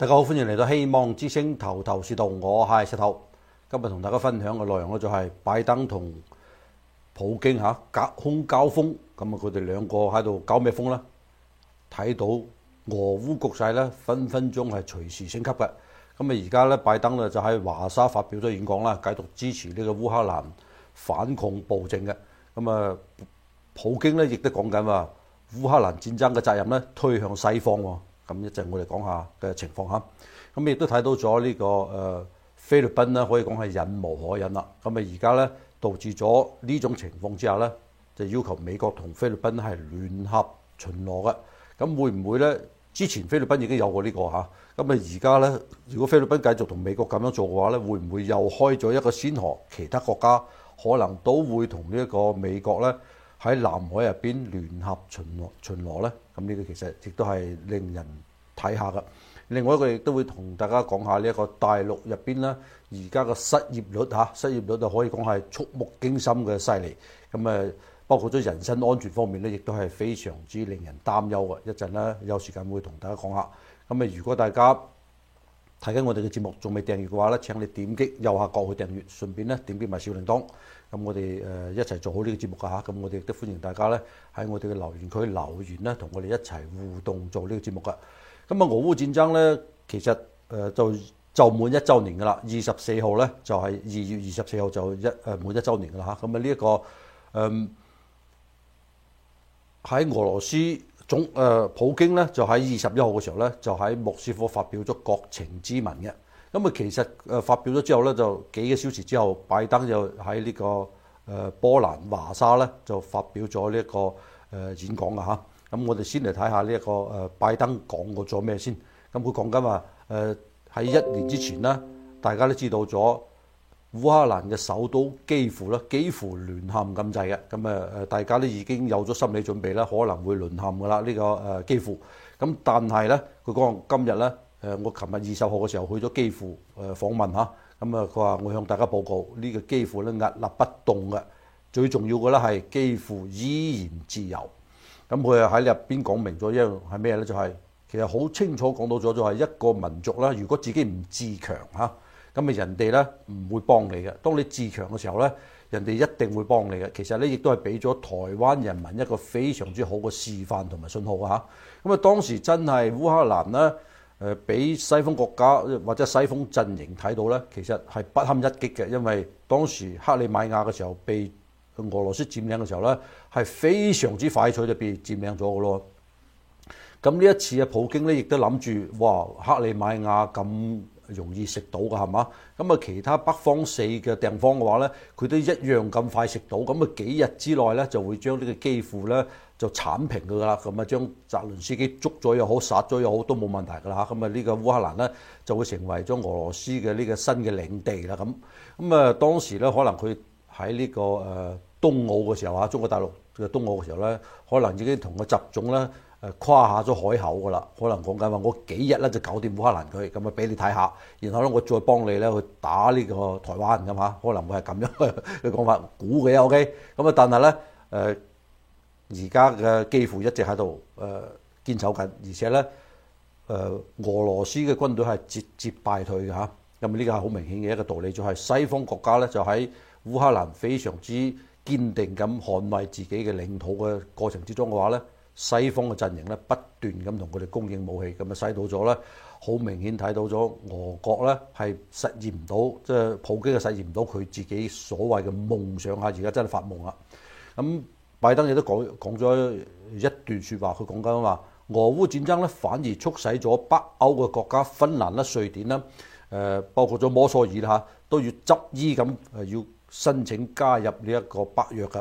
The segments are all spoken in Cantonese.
大家好，歡迎嚟到希望之星。頭頭是道，我係石頭。今日同大家分享嘅內容咧就係拜登同普京吓隔空交鋒，咁啊佢哋兩個喺度交咩風呢？睇到俄烏局勢咧分分鐘係隨時升級嘅。咁啊而家咧拜登咧就喺華沙發表咗演講啦，繼續支持呢個烏克蘭反抗暴政嘅。咁啊普京咧亦都講緊話烏克蘭戰爭嘅責任咧推向西方。咁一陣我哋講下嘅情況吓，咁亦都睇到咗呢個誒菲律賓咧，可以講係忍無可忍啦。咁啊而家咧導致咗呢種情況之下咧，就要求美國同菲律賓係聯合巡邏嘅。咁會唔會咧？之前菲律賓已經有過呢個吓。咁啊而家咧，如果菲律賓繼續同美國咁樣做嘅話咧，會唔會又開咗一個先河？其他國家可能都會同呢一個美國咧。喺南海入邊聯合巡邏巡邏咧，咁呢個其實亦都係令人睇下嘅。另外一個亦都會同大家講下呢一個大陸入邊咧，而家嘅失業率嚇、啊、失業率就可以講係觸目驚心嘅犀利。咁誒，包括咗人身安全方面呢，亦都係非常之令人擔憂嘅。一陣咧有時間會同大家講下。咁誒，如果大家睇緊我哋嘅節目，仲未訂閱嘅話咧，請你點擊右下角去訂閱，順便咧點擊埋小鈴鐺。咁我哋誒一齊做好呢個節目㗎嚇。咁我哋亦都歡迎大家咧喺我哋嘅留言區留言咧，同我哋一齊互動做呢個節目㗎。咁啊，俄烏戰爭咧，其實誒就就滿一週年㗎啦。二十四號咧，就係、是、二月二十四號就一誒滿、呃、一週年㗎啦嚇。咁啊呢一個誒喺、嗯、俄羅斯。總誒，普京咧就喺二十一號嘅時候咧，就喺莫斯科發表咗國情咨文嘅。咁啊，其實誒發表咗之後咧，就幾個小時之後，拜登就喺呢個誒波蘭華沙咧就發表咗呢一個誒演講嘅嚇。咁我哋先嚟睇下呢一個誒拜登講過咗咩先。咁佢講緊話誒喺一年之前咧，大家都知道咗。烏克蘭嘅首都幾乎咧幾乎淪陷咁滯嘅，咁啊誒，大家咧已經有咗心理準備咧，可能會淪陷噶啦，呢個誒幾乎。咁但係咧，佢講今日咧，誒我琴日二十號嘅時候去咗幾乎誒訪問嚇，咁啊佢話我向大家報告，呢個幾乎咧屹立不動嘅，最重要嘅咧係幾乎依然自由。咁佢啊喺入邊講明咗一樣係咩咧？就係其實好清楚講到咗，就係一個民族啦。如果自己唔自強嚇。咁啊，人哋咧唔會幫你嘅。當你自強嘅時候咧，人哋一定會幫你嘅。其實咧，亦都係俾咗台灣人民一個非常之好嘅示範同埋信號吓，咁啊，當時真係烏克蘭咧，誒俾西方國家或者西方陣營睇到咧，其實係不堪一擊嘅，因為當時克里米亞嘅時候被俄羅斯佔領嘅時候咧，係非常之快脆就俾佔領咗嘅咯。咁呢一次啊，普京咧亦都諗住哇，克里米亞咁～容易食到嘅係嘛？咁啊，其他北方四嘅地方嘅話咧，佢都一樣咁快食到，咁啊，幾日之內咧就會將呢個基輔咧就剷平佢㗎啦。咁啊，將澤倫斯基捉咗又好，殺咗又好都冇問題㗎啦。咁啊，呢個烏克蘭咧就會成為咗俄羅斯嘅呢個新嘅領地啦。咁，咁啊，當時咧可能佢喺呢個誒冬奧嘅時候啊，中國大陸嘅冬奧嘅時候咧，可能已經同個習總咧。誒誇下咗海口㗎啦，可能講緊話我幾日咧就搞掂烏克蘭佢，咁啊俾你睇下，然後咧我再幫你咧去打呢個台灣咁嚇，可能會係咁樣嘅講法，估嘅啊 OK，咁啊但係咧誒而家嘅幾乎一直喺度誒堅守緊，而且咧誒、呃、俄羅斯嘅軍隊係節節敗退嘅嚇，咁呢個係好明顯嘅一個道理，就係、是、西方國家咧就喺烏克蘭非常之堅定咁捍衞自己嘅領土嘅過程之中嘅話咧。西方嘅陣營咧，不斷咁同佢哋供應武器，咁啊使到咗咧，好明顯睇到咗俄國咧係實現唔到，即係普京係實現唔到佢自己所謂嘅夢想啊！而家真係發夢啦。咁、嗯、拜登亦都講講咗一段説話，佢講緊話俄烏戰爭咧反而促使咗北歐嘅國家芬蘭啦、瑞典啦，誒、呃、包括咗摩索爾啦嚇，都要執衣咁誒要申請加入呢一個北約嘅。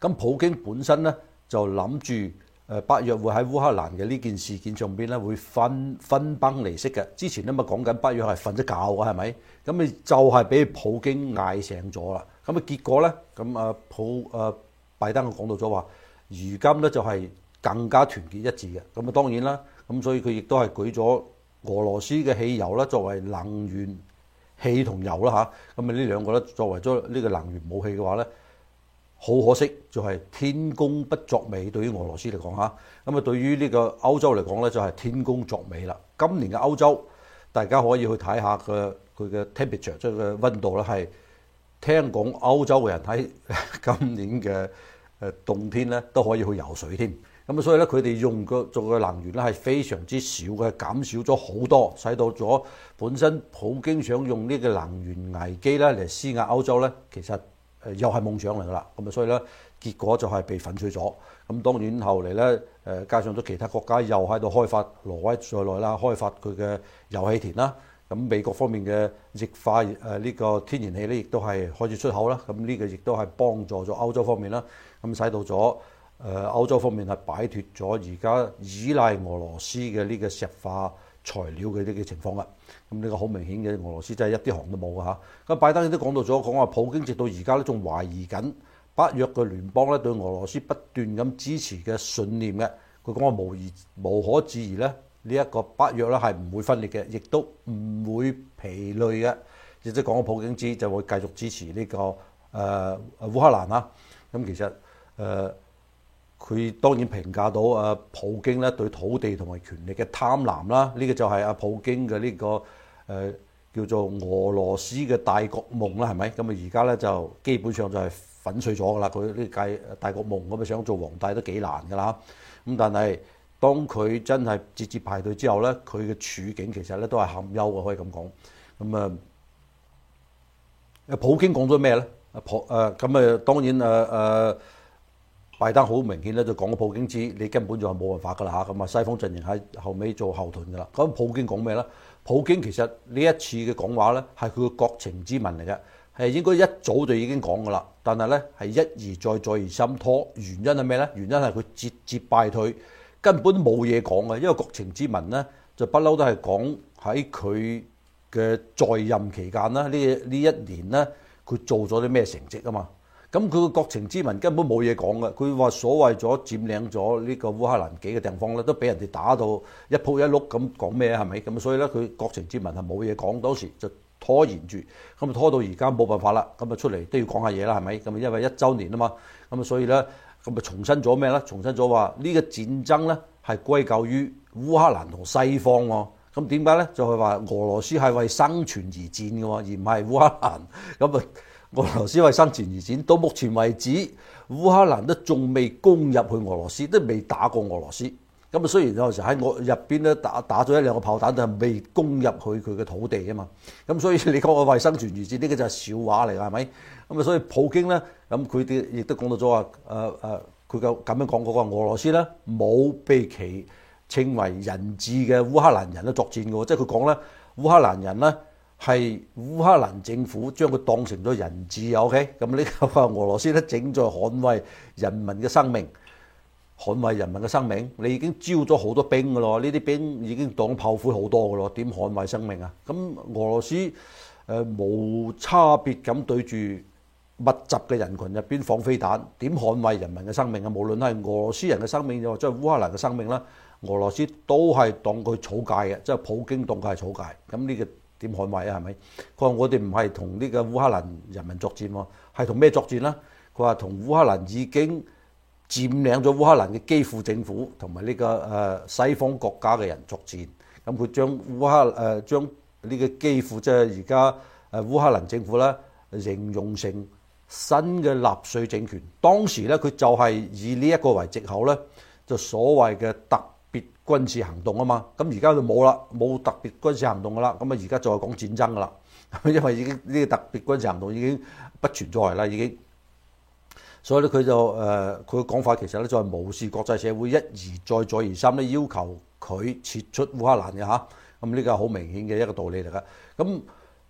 咁、嗯、普京本身咧？就諗住誒，北約會喺烏克蘭嘅呢件事件上邊咧，會分分崩離析嘅。之前咧咪講緊北約係瞓咗覺嘅，係咪？咁咪就係俾普京嗌醒咗啦。咁嘅結果咧，咁啊，普誒拜登講到咗話，如今咧就係更加團結一致嘅。咁啊，當然啦，咁所以佢亦都係舉咗俄羅斯嘅汽油啦作為能源氣同油啦吓，咁咪呢兩個咧作為咗呢個能源武器嘅話咧。好可惜就係，是，天公不作美，對於俄羅斯嚟講嚇，咁啊對於呢個歐洲嚟講呢就係，是，天公作美啦。今年嘅歐洲大家可以去睇下佢佢嘅 temperature 即係温度呢係，聽講歐洲嘅人睇今年嘅誒冬天呢，都可以去游水添。咁啊所以呢，佢哋用嘅做嘅能源呢係非常之少的減少嘅，減少咗好多，使到咗本身普京想用呢個能源危機呢嚟施壓歐洲呢，其實。誒又係夢想嚟㗎啦，咁啊所以咧結果就係被粉碎咗。咁當然後嚟咧誒，加上咗其他國家又喺度開發挪威在內啦，開發佢嘅油氣田啦。咁美國方面嘅液化誒呢個天然氣咧，亦都係開始出口啦。咁呢個亦都係幫助咗歐洲方面啦。咁使到咗誒歐洲方面係擺脱咗而家依賴俄羅斯嘅呢個石化。材料嘅啲嘅情況啦，咁呢個好明顯嘅，俄羅斯真係一啲行都冇㗎吓。咁拜登亦都講到咗，講話普京直到而家咧仲懷疑緊北約嘅聯邦咧對俄羅斯不斷咁支持嘅信念嘅，佢講話無疑無可置疑咧，呢、這、一個北約咧係唔會分裂嘅，亦都唔會疲累嘅。亦即係講緊普京之就會繼續支持呢、這個誒烏、呃、克蘭啦。咁、啊、其實誒。呃佢當然評價到啊，普京咧對土地同埋權力嘅貪婪啦，呢、這個就係阿普京嘅呢、這個誒、呃、叫做俄羅斯嘅大國夢啦，係咪？咁啊而家咧就基本上就係粉碎咗噶啦，佢呢個大國夢咁啊想做皇帝都幾難噶啦。咁但係當佢真係節節排隊之後咧，佢嘅處境其實咧都係堪憂嘅，可以咁講。咁、嗯、啊，阿普京講咗咩咧？阿普誒咁啊，當然誒誒。啊啊拜登好明顯咧，就講個普京知，你根本就係冇辦法噶啦嚇，咁啊西方陣營喺後尾做後盾噶啦。咁普京講咩咧？普京其實呢一次嘅講話咧，係佢嘅國情咨文嚟嘅，係應該一早就已經講噶啦。但係咧係一而再再而三拖，原因係咩咧？原因係佢節節敗退，根本冇嘢講嘅，因為國情咨文咧就不嬲都係講喺佢嘅在任期間啦，呢呢一年咧佢做咗啲咩成績啊嘛。咁佢個國情咨文根本冇嘢講嘅，佢話所謂咗佔領咗呢個烏克蘭幾個地方咧，都俾人哋打到一鋪一碌咁，講咩係咪咁？所以咧佢國情咨文係冇嘢講，當時就拖延住，咁拖到而家冇辦法啦，咁就出嚟都要講下嘢啦，係咪？咁因為一周年啊嘛，咁所以咧咁咪重申咗咩咧？重申咗話呢個戰爭咧係歸咎於烏克蘭同西方喎、哦，咁點解咧？就係話俄羅斯係為生存而戰嘅喎，而唔係烏克蘭咁啊。俄羅斯為生存而戰，到目前為止，烏克蘭都仲未攻入去俄羅斯，都未打過俄羅斯。咁啊，雖然有陣時喺我入邊咧打打咗一兩個炮彈，但係未攻入去佢嘅土地啊嘛。咁所以你講我為生存而戰，呢、這個就係笑話嚟㗎，係咪？咁啊，所以普京咧，咁佢哋亦都講到咗話，誒、呃、誒，佢、呃、咁樣講嗰個俄羅斯咧，冇被其稱為人質嘅烏克蘭人咧作戰㗎，即係佢講咧，烏克蘭人咧。係烏克蘭政府將佢當成咗人質啊？OK，咁呢個話俄羅斯咧，正在捍衛人民嘅生命，捍衛人民嘅生命。你已經招咗好多兵噶咯，呢啲兵已經當炮灰好多噶咯，點捍衛生命啊？咁俄羅斯誒、呃、無差別咁對住密集嘅人群入邊放飛彈，點捍衛人民嘅生命啊？無論係俄羅斯人嘅生命又或者係烏克蘭嘅生命啦，俄羅斯都係當佢草芥嘅，即係普京當佢係草芥。咁呢、呢個。點捍衞啊？係咪？佢話我哋唔係同呢個烏克蘭人民作戰喎，係同咩作戰呢？佢話同烏克蘭已經佔領咗烏克蘭嘅基輔政府同埋呢個誒西方國家嘅人作戰。咁佢將烏克誒將呢個基輔即係而家誒烏克蘭政府咧，形容成新嘅納粹政權。當時咧，佢就係以呢一個為藉口咧，就所謂嘅特。軍事行動啊嘛，咁而家就冇啦，冇特別軍事行動噶啦，咁啊而家再講戰爭噶啦，因為已經呢個特別軍事行動已經不存在啦，已經，所以咧佢就誒佢嘅講法其實咧就係無視國際社會一而再再而三咧要求佢撤出烏克蘭嘅嚇，咁呢個係好明顯嘅一個道理嚟噶。咁、啊、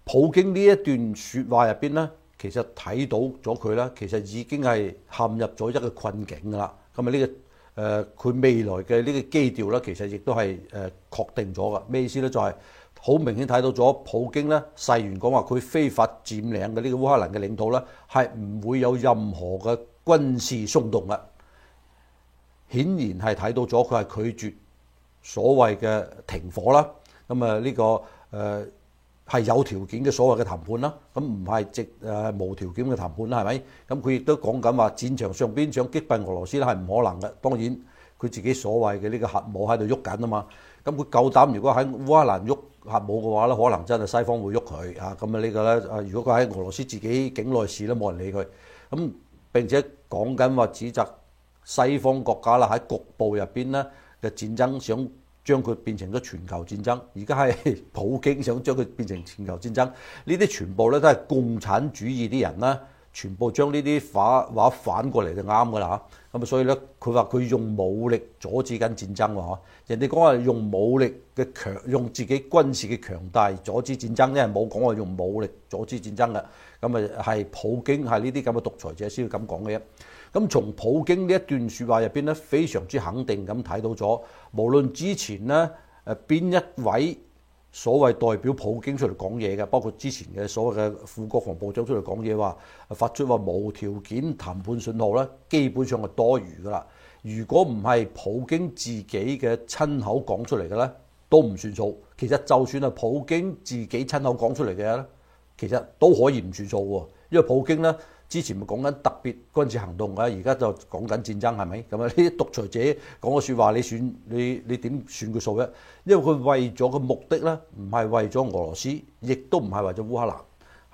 普京呢一段説話入邊咧，其實睇到咗佢咧，其實已經係陷入咗一個困境噶啦，咁啊呢個。啊誒、呃、佢未來嘅呢個基調咧，其實亦都係誒、呃、確定咗噶。咩意思咧？就係、是、好明顯睇到咗普京咧，誓願講話佢非法佔領嘅呢個烏克蘭嘅領土咧，係唔會有任何嘅軍事鬆動啦。顯然係睇到咗佢係拒絕所謂嘅停火啦。咁啊呢個誒。呃係有條件嘅所謂嘅談判啦，咁唔係直誒無條件嘅談判啦，係咪？咁佢亦都講緊話戰場上邊想擊敗俄羅斯咧，係唔可能嘅。當然佢自己所謂嘅呢個核武喺度喐緊啊嘛，咁佢夠膽如果喺烏克蘭喐核武嘅話咧，可能真係西方會喐佢啊。咁啊呢個咧，啊如果佢喺俄羅斯自己境內事都冇人理佢。咁並且講緊話指責西方國家啦，喺局部入邊咧嘅戰爭想。將佢變成咗全球戰爭，而家係普京想將佢變成全球戰爭，呢啲全部咧都係共產主義啲人啦，全部將呢啲反話反過嚟就啱噶啦嚇，咁啊，所以咧，佢話佢用武力阻止緊戰爭喎，嚇。人哋講話用武力嘅強，用自己軍事嘅強大阻止戰爭咧，因為冇講話用武力阻止戰爭嘅。咁啊，係普京係呢啲咁嘅獨裁者先會咁講嘅啫。咁從普京呢一段說話入邊咧，非常之肯定咁睇到咗，無論之前呢誒邊一位所謂代表普京出嚟講嘢嘅，包括之前嘅所謂嘅副國防部長出嚟講嘢話，發出話無條件談判信號咧，基本上係多餘噶啦。如果唔係普京自己嘅親口講出嚟嘅咧，都唔算數。其實就算係普京自己親口講出嚟嘅咧，其實都可以唔算數，因為普京咧。之前咪講緊特別軍事行動啊，而家就講緊戰爭係咪？咁啊，啲獨裁者講嘅説話，你算你，你點算佢數咧？因為佢為咗個目的咧，唔係為咗俄羅斯，亦都唔係為咗烏克蘭，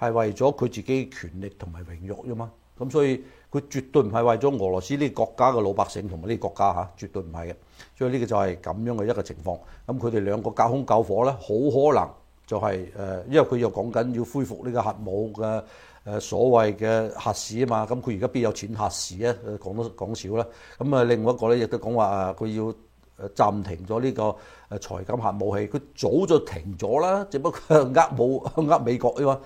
係為咗佢自己嘅權力同埋榮譽啫嘛。咁所以佢絕對唔係為咗俄羅斯呢國家嘅老百姓同埋呢國家嚇，絕對唔係嘅。所以呢個就係咁樣嘅一個情況。咁佢哋兩個隔空交火咧，好可能就係、是、誒，因為佢又講緊要恢復呢個核武嘅。誒，所謂嘅核事啊嘛，咁佢而家邊有錢核事啊？講多講少啦，咁啊，另外一個咧亦都講話啊，佢要誒暫停咗呢個財金核武器，佢早就停咗啦，只不過呃冇呃美國啫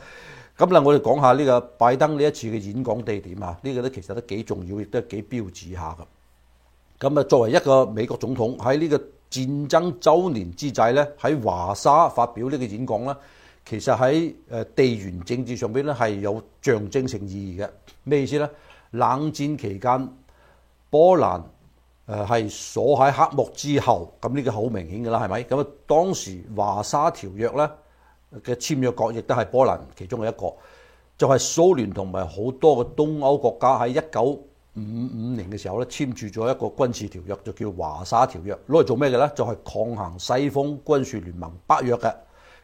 咁啦，我哋講下呢個拜登呢一次嘅演講地點啊，呢、這個咧其實都幾重要，亦都幾標誌下嘅。咁啊，作為一個美國總統喺呢個戰爭周年之際咧，喺華沙發表呢個演講啦。其實喺誒地緣政治上邊咧係有象徵性意義嘅，咩意思呢？冷戰期間，波蘭誒係鎖喺黑幕之後，咁、這、呢個好明顯嘅啦，係咪？咁啊，當時華沙條約咧嘅簽約國亦都係波蘭其中嘅一個，就係蘇聯同埋好多嘅東歐國家喺一九五五年嘅時候咧簽署咗一個軍事條約，就叫華沙條約，攞嚟做咩嘅呢？就係、是、抗衡西方軍事聯盟北約嘅。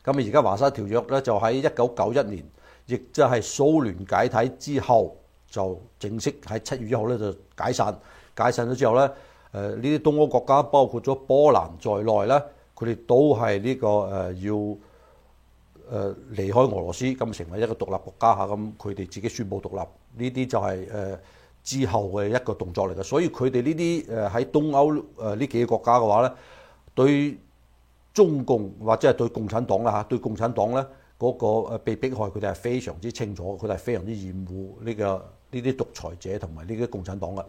咁啊！而家華沙條約咧就喺一九九一年，亦即係蘇聯解體之後，就正式喺七月一號咧就解散。解散咗之後咧，誒呢啲東歐國家包括咗波蘭在內咧，佢哋都係呢個誒要誒離開俄羅斯，咁成為一個獨立國家嚇，咁佢哋自己宣布獨立。呢啲就係誒之後嘅一個動作嚟嘅，所以佢哋呢啲誒喺東歐誒呢幾個國家嘅話咧，對。中共或者係對共產黨啦嚇，對共產黨咧嗰個被迫害，佢哋係非常之清楚，佢哋係非常之厭惡呢個呢啲獨裁者同埋呢啲共產黨嘅。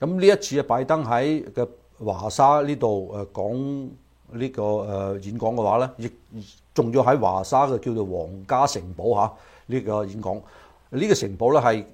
咁呢一次啊，拜登喺嘅華沙呢度誒講呢個誒演講嘅話咧，亦仲要喺華沙嘅叫做皇家城堡嚇呢個演講。呢個城堡咧係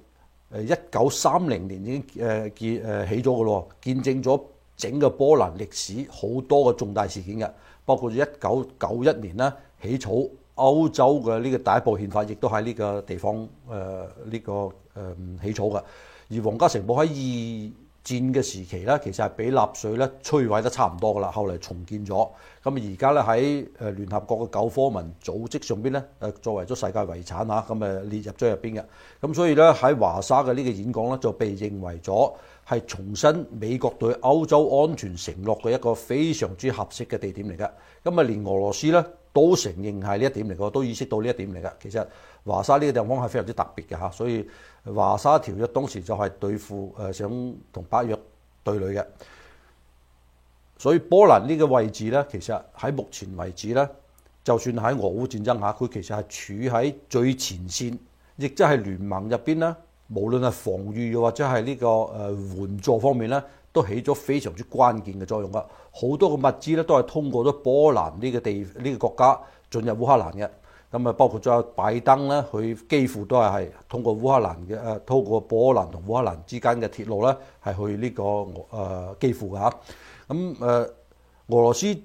誒一九三零年已經誒建誒起咗嘅咯，見證咗整個波蘭歷史好多嘅重大事件嘅。包括一九九一年呢起草歐洲嘅呢個第一部憲法，亦都喺呢個地方誒呢、呃這個誒、嗯、起草嘅。而皇家城堡喺二戰嘅時期呢，其實係俾納粹咧摧毀得差唔多噶啦，後嚟重建咗。咁而家咧喺誒聯合國嘅教科文組織上邊咧誒作為咗世界遺產嚇，咁、啊、誒列入咗入邊嘅。咁所以咧喺華沙嘅呢個演講咧就被認為咗，係重申美國對歐洲安全承諾嘅一個非常之合適嘅地點嚟嘅，咁啊，連俄羅斯呢都承認係呢一點嚟嘅，都意識到呢一點嚟嘅。其實華沙呢個地方係非常之特別嘅嚇，所以華沙條約當時就係對付誒、呃、想同北約對壘嘅，所以波蘭呢個位置呢，其實喺目前為止呢，就算喺俄烏戰爭下，佢其實係處喺最前線，亦即係聯盟入邊啦。無論係防禦又或者係呢個誒援助方面咧，都起咗非常之關鍵嘅作用啊！好多嘅物資咧都係通過咗波蘭呢個地呢個國家進入烏克蘭嘅。咁啊，包括咗拜登咧，佢幾乎都係係通過烏克蘭嘅，通過波蘭同烏克蘭之間嘅鐵路咧，係去呢個誒、呃、幾乎嘅嚇。咁誒，俄羅斯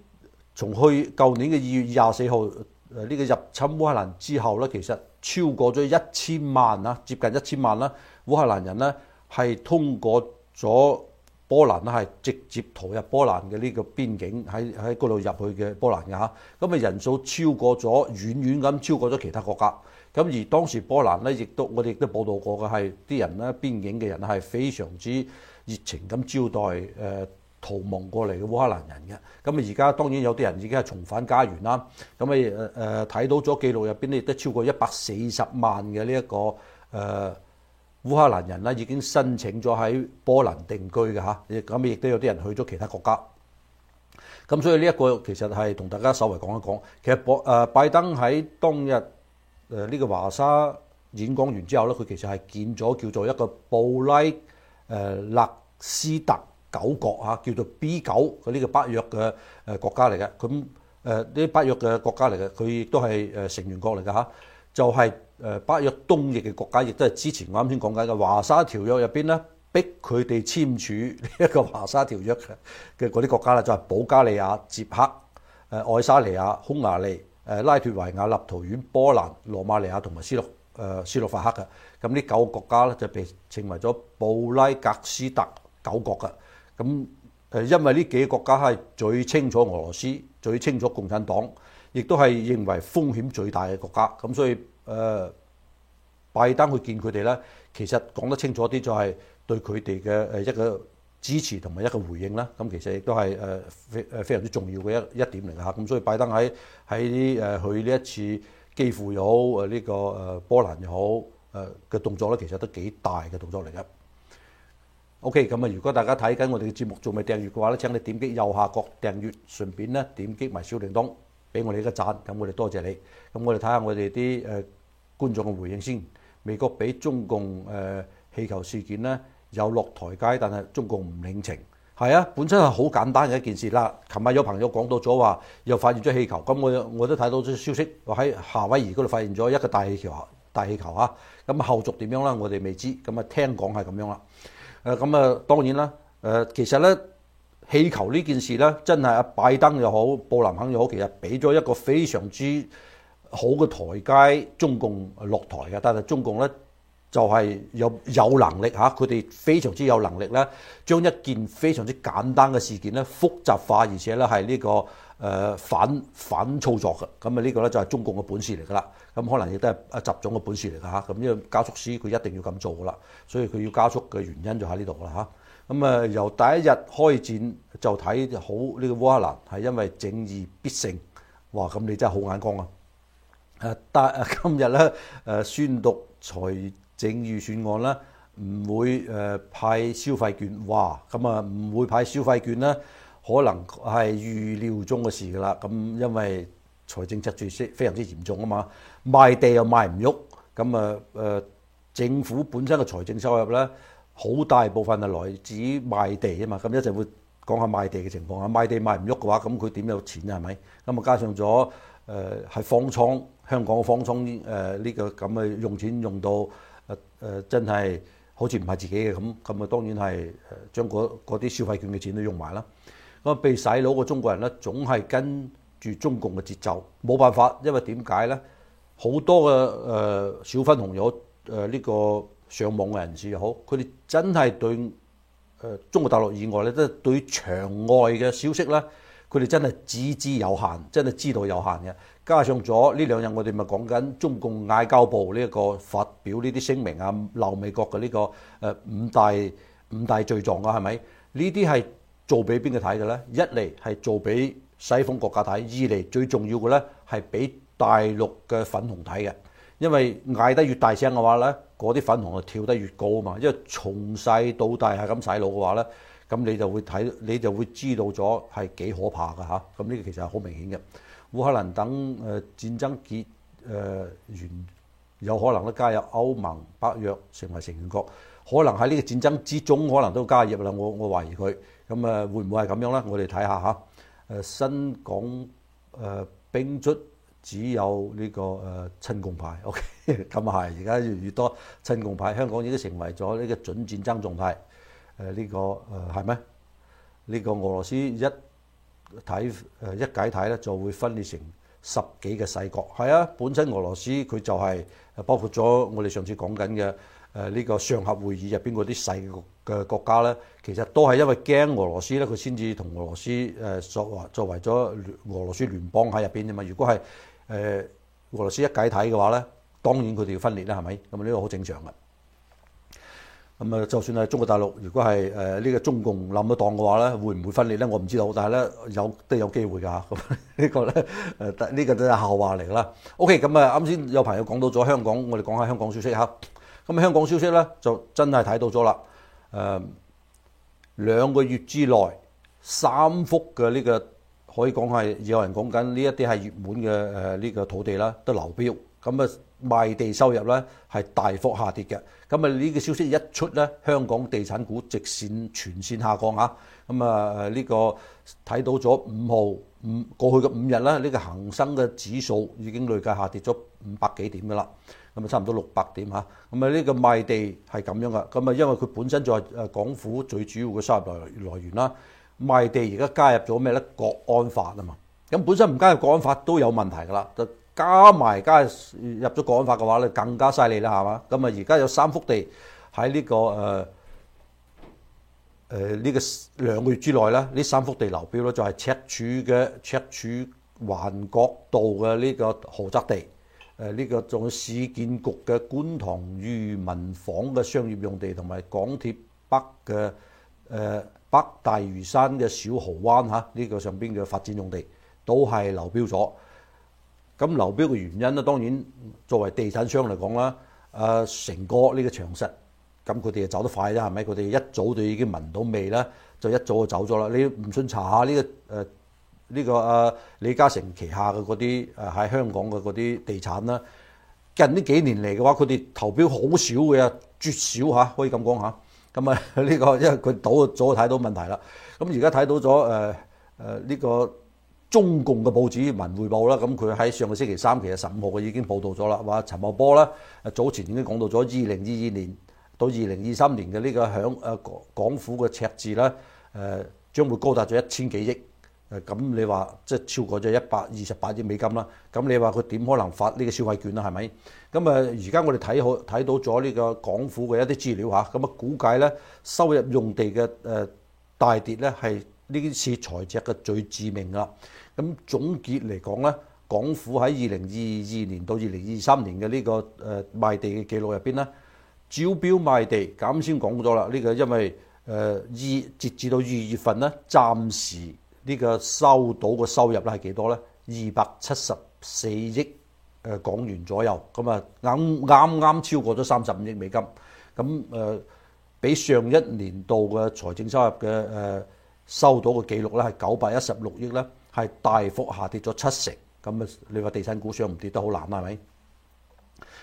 從去舊年嘅二月廿四號呢個入侵烏克蘭之後咧，其實～超過咗一千萬，接近一千萬啦，烏克蘭人咧係通過咗波蘭啦，係直接逃入波蘭嘅呢個邊境，喺喺嗰度入去嘅波蘭嘅嚇，咁啊人數超過咗，遠遠咁超過咗其他國家。咁而當時波蘭呢，亦都我哋亦都報道過嘅係啲人咧，邊境嘅人係非常之熱情咁招待誒。逃亡過嚟嘅烏克蘭人嘅，咁啊而家當然有啲人已經係重返家園啦。咁啊誒睇到咗記錄入邊亦都超過一百四十萬嘅呢一個誒烏、呃、克蘭人啦，已經申請咗喺波蘭定居嘅嚇。咁亦都有啲人去咗其他國家。咁所以呢一個其實係同大家稍微講一講。其實博誒、呃、拜登喺當日誒呢、呃這個華沙演講完之後咧，佢其實係見咗叫做一個布拉誒、呃、勒斯特。九國嚇叫做 B 九，佢呢個北約嘅誒國家嚟嘅，咁誒呢啲北約嘅國家嚟嘅，佢亦都係誒成員國嚟嘅嚇，就係、是、誒北約東翼嘅國家，亦都係之前我啱先講緊嘅《華沙條約》入邊咧，逼佢哋簽署呢一個《華沙條約》嘅嘅嗰啲國家咧，就係、是、保加利亞、捷克、誒愛沙尼亞、匈牙利、誒拉脫維亞、立陶宛、波蘭、羅馬尼亞同埋斯洛誒斯洛伐克嘅，咁呢九個國家咧就被稱為咗布拉格斯特九國嘅。咁誒，因為呢幾個國家係最清楚俄羅斯、最清楚共產黨，亦都係認為風險最大嘅國家。咁所以誒，拜登去見佢哋咧，其實講得清楚啲就係對佢哋嘅誒一個支持同埋一個回應啦。咁其實亦都係誒非誒非常之重要嘅一一點嚟吓。咁所以拜登喺喺啲誒呢一次也好，基輔又好呢個誒波蘭又好誒嘅動作咧，其實都幾大嘅動作嚟嘅。OK，咁啊，如果大家睇緊我哋嘅節目，仲未訂閲嘅話咧，請你點擊右下角訂閲，順便咧點擊埋小鈴鐺，俾我哋一個讚，咁我哋多謝你。咁我哋睇下我哋啲誒觀眾嘅回應先。美國俾中共誒、呃、氣球事件呢有落台階，但係中共唔領情。係啊，本身係好簡單嘅一件事啦。琴日有朋友講到咗話又發現咗氣球，咁我我都睇到啲消息話喺夏威夷嗰度發現咗一個大氣球，大氣球嚇、啊，咁後續點樣咧？我哋未知，咁啊聽講係咁樣啦。誒咁啊，當然啦。誒、呃、其實咧，氣球呢件事咧，真係阿拜登又好，布林肯又好，其實俾咗一個非常之好嘅台階中共落台嘅。但係中共咧就係、是、有有能力嚇，佢哋、啊、非常之有能力咧，將一件非常之簡單嘅事件咧複雜化，而且咧係呢是、這個。誒、呃、反反操作嘅，咁啊呢個咧就係中共嘅本事嚟㗎啦，咁可能亦都係阿習總嘅本事嚟㗎嚇，咁呢個加速師佢一定要咁做㗎啦，所以佢要加速嘅原因就喺呢度啦嚇。咁、呃、啊由第一日開戰就睇好呢個烏克蘭係因為正義必勝，哇！咁你真係好眼光啊！誒，但誒今日咧誒宣讀財政預算案啦，唔會誒派消費券，哇！咁啊唔會派消費券啦。可能係預料中嘅事㗎啦，咁因為財政赤字非常之嚴重啊嘛，賣地又賣唔喐，咁啊誒政府本身嘅財政收入咧，好大部分係來自賣地啊嘛，咁一陣會,會講下賣地嘅情況啊，賣地賣唔喐嘅話，咁佢點有錢啊？係咪？咁啊，加上咗誒係方艙，香港嘅方艙誒呢、呃這個咁嘅用錢用到誒誒、呃、真係好似唔係自己嘅咁，咁啊當然係將嗰嗰啲消費券嘅錢都用埋啦。咁被洗腦嘅中國人咧，總係跟住中共嘅節奏，冇辦法，因為點解咧？好多嘅誒、呃、小粉紅，又、呃，誒、這、呢個上網嘅人士又好，佢哋真係對誒、呃、中國大陸以外咧，都係對牆外嘅消息咧，佢哋真係知之有限，真係知道有限嘅。加上咗呢兩日，我哋咪講緊中共外交部呢、這、一個發表呢啲聲明啊，鬧美國嘅呢、這個誒、呃、五大五大罪狀嘅係咪？呢啲係。做俾邊個睇嘅呢？一嚟係做俾西方國家睇，二嚟最重要嘅呢係俾大陸嘅粉紅睇嘅。因為嗌得越大聲嘅話呢，嗰啲粉紅就跳得越高啊嘛。因為從細到大係咁洗腦嘅話呢，咁你就會睇你就會知道咗係幾可怕㗎吓，咁呢個其實係好明顯嘅。烏克蘭等誒戰爭結誒完、呃，有可能都加入歐盟、北約成為成員國，可能喺呢個戰爭之中，可能都加入啦。我我懷疑佢。咁誒會唔會係咁樣咧？我哋睇下吓。新港誒兵卒只有呢個誒親共派。O K，咁係，而家越嚟越多親共派，香港已經成為咗呢個準戰爭狀態。呢個係咩？呢個俄羅斯一體一解體咧，就會分裂成十幾個細國。係啊，本身俄羅斯佢就係包括咗我哋上次講緊嘅。誒、這、呢個上合會議入邊嗰啲細嘅國家咧，其實都係因為驚俄羅斯咧，佢先至同俄羅斯誒作為作為咗俄羅斯聯邦喺入邊啫嘛。如果係誒、呃、俄羅斯一解體睇嘅話咧，當然佢哋要分裂啦，係咪咁？呢個好正常嘅。咁啊，就算係中國大陸，如果係誒呢個中共冧咗檔嘅話咧，會唔會分裂咧？我唔知道，但係咧有都有機會㗎。咁呢個咧誒，呢個都係後話嚟啦。O K，咁啊，啱、這、先、個這個 okay, 嗯、有朋友講到咗香港，我哋講下香港消息嚇。咁香港消息咧就真係睇到咗啦，誒、嗯、兩個月之內三幅嘅呢、這個可以講係有人講緊呢一啲係熱門嘅誒呢個土地啦，都流標，咁、嗯、啊賣地收入咧係大幅下跌嘅，咁啊呢個消息一出咧，香港地產股直線全線下降啊，咁啊呢個睇到咗五號五過去嘅五日咧，呢、這個恒生嘅指數已經累計下跌咗五百幾點嘅啦。咁啊，差唔多六百點嚇。咁啊，呢個賣地係咁樣噶。咁啊，因為佢本身就係誒港府最主要嘅收入來來源啦。賣地而家加入咗咩咧？國安法啊嘛。咁本身唔加入國安法都有問題噶啦。就加埋加入咗國安法嘅話咧，更加犀利啦，係嘛？咁啊，而家有三幅地喺呢、這個誒誒呢個兩個月之內咧，呢三幅地流標咧，就係赤柱嘅赤柱環角道嘅呢個豪宅地。誒、這、呢個仲有市建局嘅觀塘裕民坊嘅商業用地，同埋港鐵北嘅誒北大嶼山嘅小蠔灣嚇，呢個上邊嘅發展用地都係流標咗。咁流標嘅原因咧，當然作為地產商嚟講啦，誒成哥個呢個長實，咁佢哋就走得快啦，係咪？佢哋一早就已經聞到味啦，就一早就走咗啦。你唔信查下呢、這個誒。呢、這個阿李嘉誠旗下嘅嗰啲誒喺香港嘅嗰啲地產啦，近呢幾年嚟嘅話，佢哋投標好少嘅，絕少嚇，可以咁講嚇。咁啊呢個因為佢早睇到問題啦。咁而家睇到咗誒誒呢個中共嘅報紙《文匯報》啦，咁佢喺上個星期三其實十五號佢已經報道咗啦，話陳茂波啦早前已經講到咗二零二二年到二零二三年嘅呢個響誒港府嘅赤字啦，誒、呃、將會高達咗一千幾億。咁，你話即係超過咗一百二十八億美金啦。咁你話佢點可能發呢個消費券啦？係咪咁誒？而家我哋睇好睇到咗呢個港府嘅一啲資料嚇，咁啊估計呢，收入用地嘅大跌呢係呢次財政嘅最致命啦。咁總結嚟講呢，港府喺二零二二年到二零二三年嘅呢個誒賣地嘅記錄入邊呢，招標賣地咁先講咗啦。呢個因為誒二截至到二月份呢，暫時。呢、這個收到嘅收入咧係幾多呢？二百七十四億誒港元左右，咁啊啱啱啱超過咗三十五億美金，咁誒、呃、比上一年度嘅財政收入嘅誒、呃、收到嘅記錄咧係九百一十六億咧，係大幅下跌咗七成，咁啊你話地產股上唔跌得好難啦，係咪？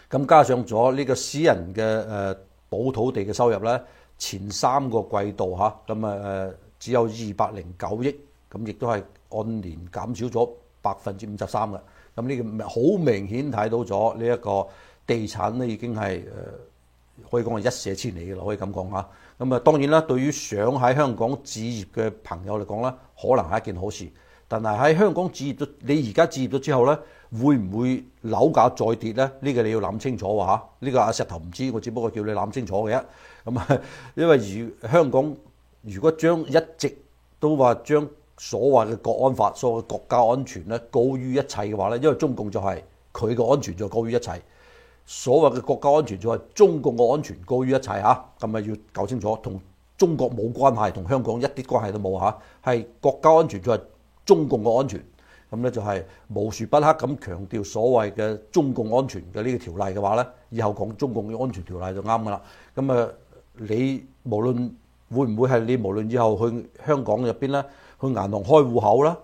咁加上咗呢個私人嘅誒補土地嘅收入咧，前三個季度嚇咁啊誒只有二百零九億。咁亦都係按年減少咗百分之五十三嘅，咁呢個好明顯睇到咗呢一個地產咧已經係誒可以講係一瀉千里嘅啦，可以咁講嚇。咁啊當然啦，對於想喺香港置業嘅朋友嚟講咧，可能係一件好事。但係喺香港置業咗，你而家置業咗之後咧，會唔會樓價再跌咧？呢個你要諗清楚啊。呢個阿石頭唔知，我只不過叫你諗清楚嘅。咁啊，因為如香港如果將一直都話將所謂嘅國安法，所謂嘅國家安全咧，高於一切嘅話咧，因為中共就係佢個安全就高於一切。所謂嘅國家安全就係、係、中共嘅安全高於一切吓，咁、啊、咪要搞清楚，同中國冇關係，同香港一啲關係都冇吓，係、啊、國家安全就係、係、中共嘅安全。咁咧就係無時不刻咁強調所謂嘅中共安全嘅呢個條例嘅話咧，以後講中共嘅安全條例就啱噶啦。咁啊，你無論會唔會係你無論以後去香港入邊咧？去銀行開戶口啦，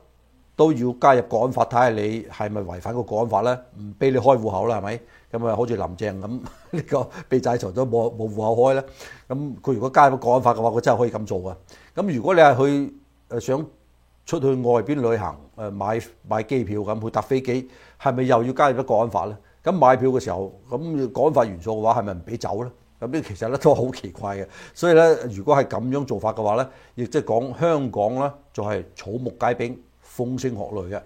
都要加入國安法，睇下你係咪違反個國安法咧，唔俾你開戶口啦，係咪？咁啊，好似林鄭咁呢、呢個被制裁都冇冇戶口開咧。咁佢如果加入國安法嘅話，佢真係可以咁做噶。咁如果你係去誒想出去外邊旅行，誒買買機票咁去搭飛機，係咪又要加入國安法咧？咁買票嘅時候，咁國安法元素嘅話，係咪唔俾走咧？咁呢？其實咧都好奇怪嘅，所以咧，如果係咁樣做法嘅話咧，亦即係講香港咧就係草木皆兵、風聲鶴唳嘅。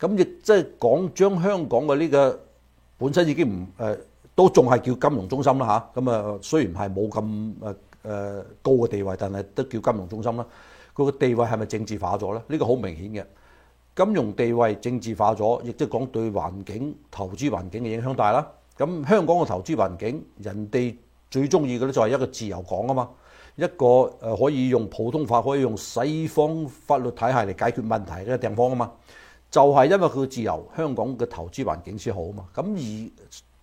咁亦即係講將香港嘅呢個本身已經唔誒，都仲係叫金融中心啦吓。咁啊，雖然係冇咁誒誒高嘅地位，但係都叫金融中心啦。佢個地位係咪政治化咗咧？呢個好明顯嘅金融地位政治化咗，亦即係講對環境、投資環境嘅影響大啦。咁香港嘅投資環境人哋。最中意嘅咧就係一個自由港啊嘛，一個誒可以用普通法，可以用西方法律體系嚟解決問題嘅地方啊嘛，就係、是、因為佢嘅自由，香港嘅投資環境先好啊嘛。咁而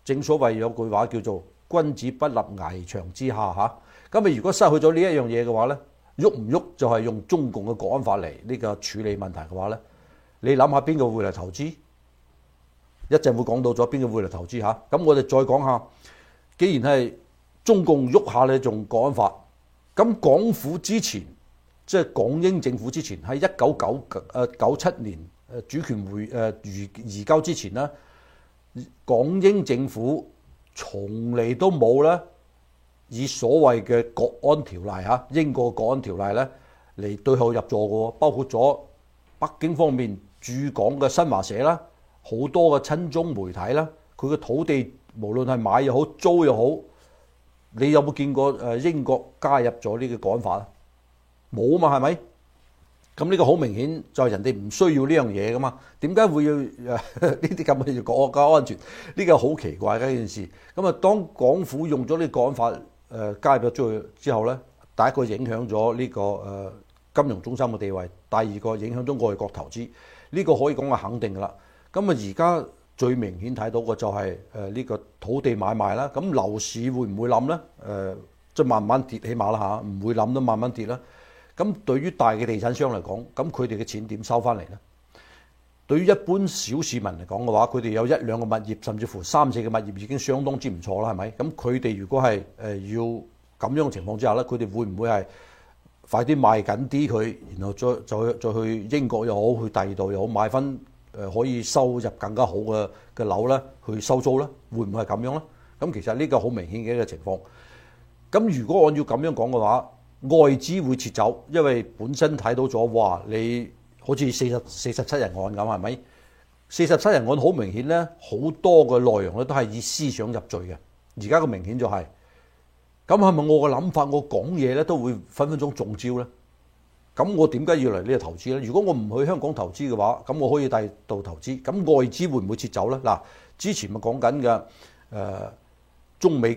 正所謂有句話叫做君子不立危牆之下吓。咁你如果失去咗呢一樣嘢嘅話呢，喐唔喐就係用中共嘅國安法嚟呢個處理問題嘅話呢？你諗下邊個會嚟投資？一陣會講到咗邊個會嚟投資吓，咁我哋再講下，既然係。中共喐下你仲國安法咁。港府之前即係港英政府之前喺一九九九七年主權移交之前呢，港英政府從嚟都冇咧，以所謂嘅國安條例、英國國安條例咧嚟對號入座嘅，包括咗北京方面駐港嘅新華社啦，好多嘅親中媒體啦，佢嘅土地無論係買又好，租又好。租也好你有冇見過誒英國加入咗呢個講法啊？冇嘛，係咪？咁呢個好明顯就係人哋唔需要呢樣嘢噶嘛？點解會要誒呢啲咁嘅國家安全？呢個好奇怪嘅一件事。咁啊，當港府用咗呢個講法誒加入咗之後咧，第一個影響咗呢個誒金融中心嘅地位，第二個影響咗外國投資。呢個可以講係肯定噶啦。咁啊，而家。最明顯睇到嘅就係誒呢個土地買賣啦，咁樓市會唔會冧呢？誒、呃，即係慢慢跌起碼啦嚇，唔會諗都慢慢跌啦。咁對於大嘅地產商嚟講，咁佢哋嘅錢點收翻嚟呢？對於一般小市民嚟講嘅話，佢哋有一兩個物業，甚至乎三四個物業已經相當之唔錯啦，係咪？咁佢哋如果係誒要咁樣嘅情況之下呢，佢哋會唔會係快啲賣緊啲佢，然後再再再去英國又好去第二度又好買翻？誒可以收入更加好嘅嘅樓咧，去收租咧，會唔會係咁樣咧？咁其實呢個好明顯嘅一個情況。咁如果按照咁樣講嘅話，外資會撤走，因為本身睇到咗哇，你好似四十四十七人案咁係咪？四十七人案好明顯咧，好多嘅內容咧都係以思想入罪嘅。而家個明顯就係、是，咁係咪我個諗法，我講嘢咧都會分分鐘中招咧？咁我點解要嚟呢度投資呢？如果我唔去香港投資嘅話，咁我可以第二度投資。咁外資會唔會撤走呢？嗱，之前咪講緊嘅誒中美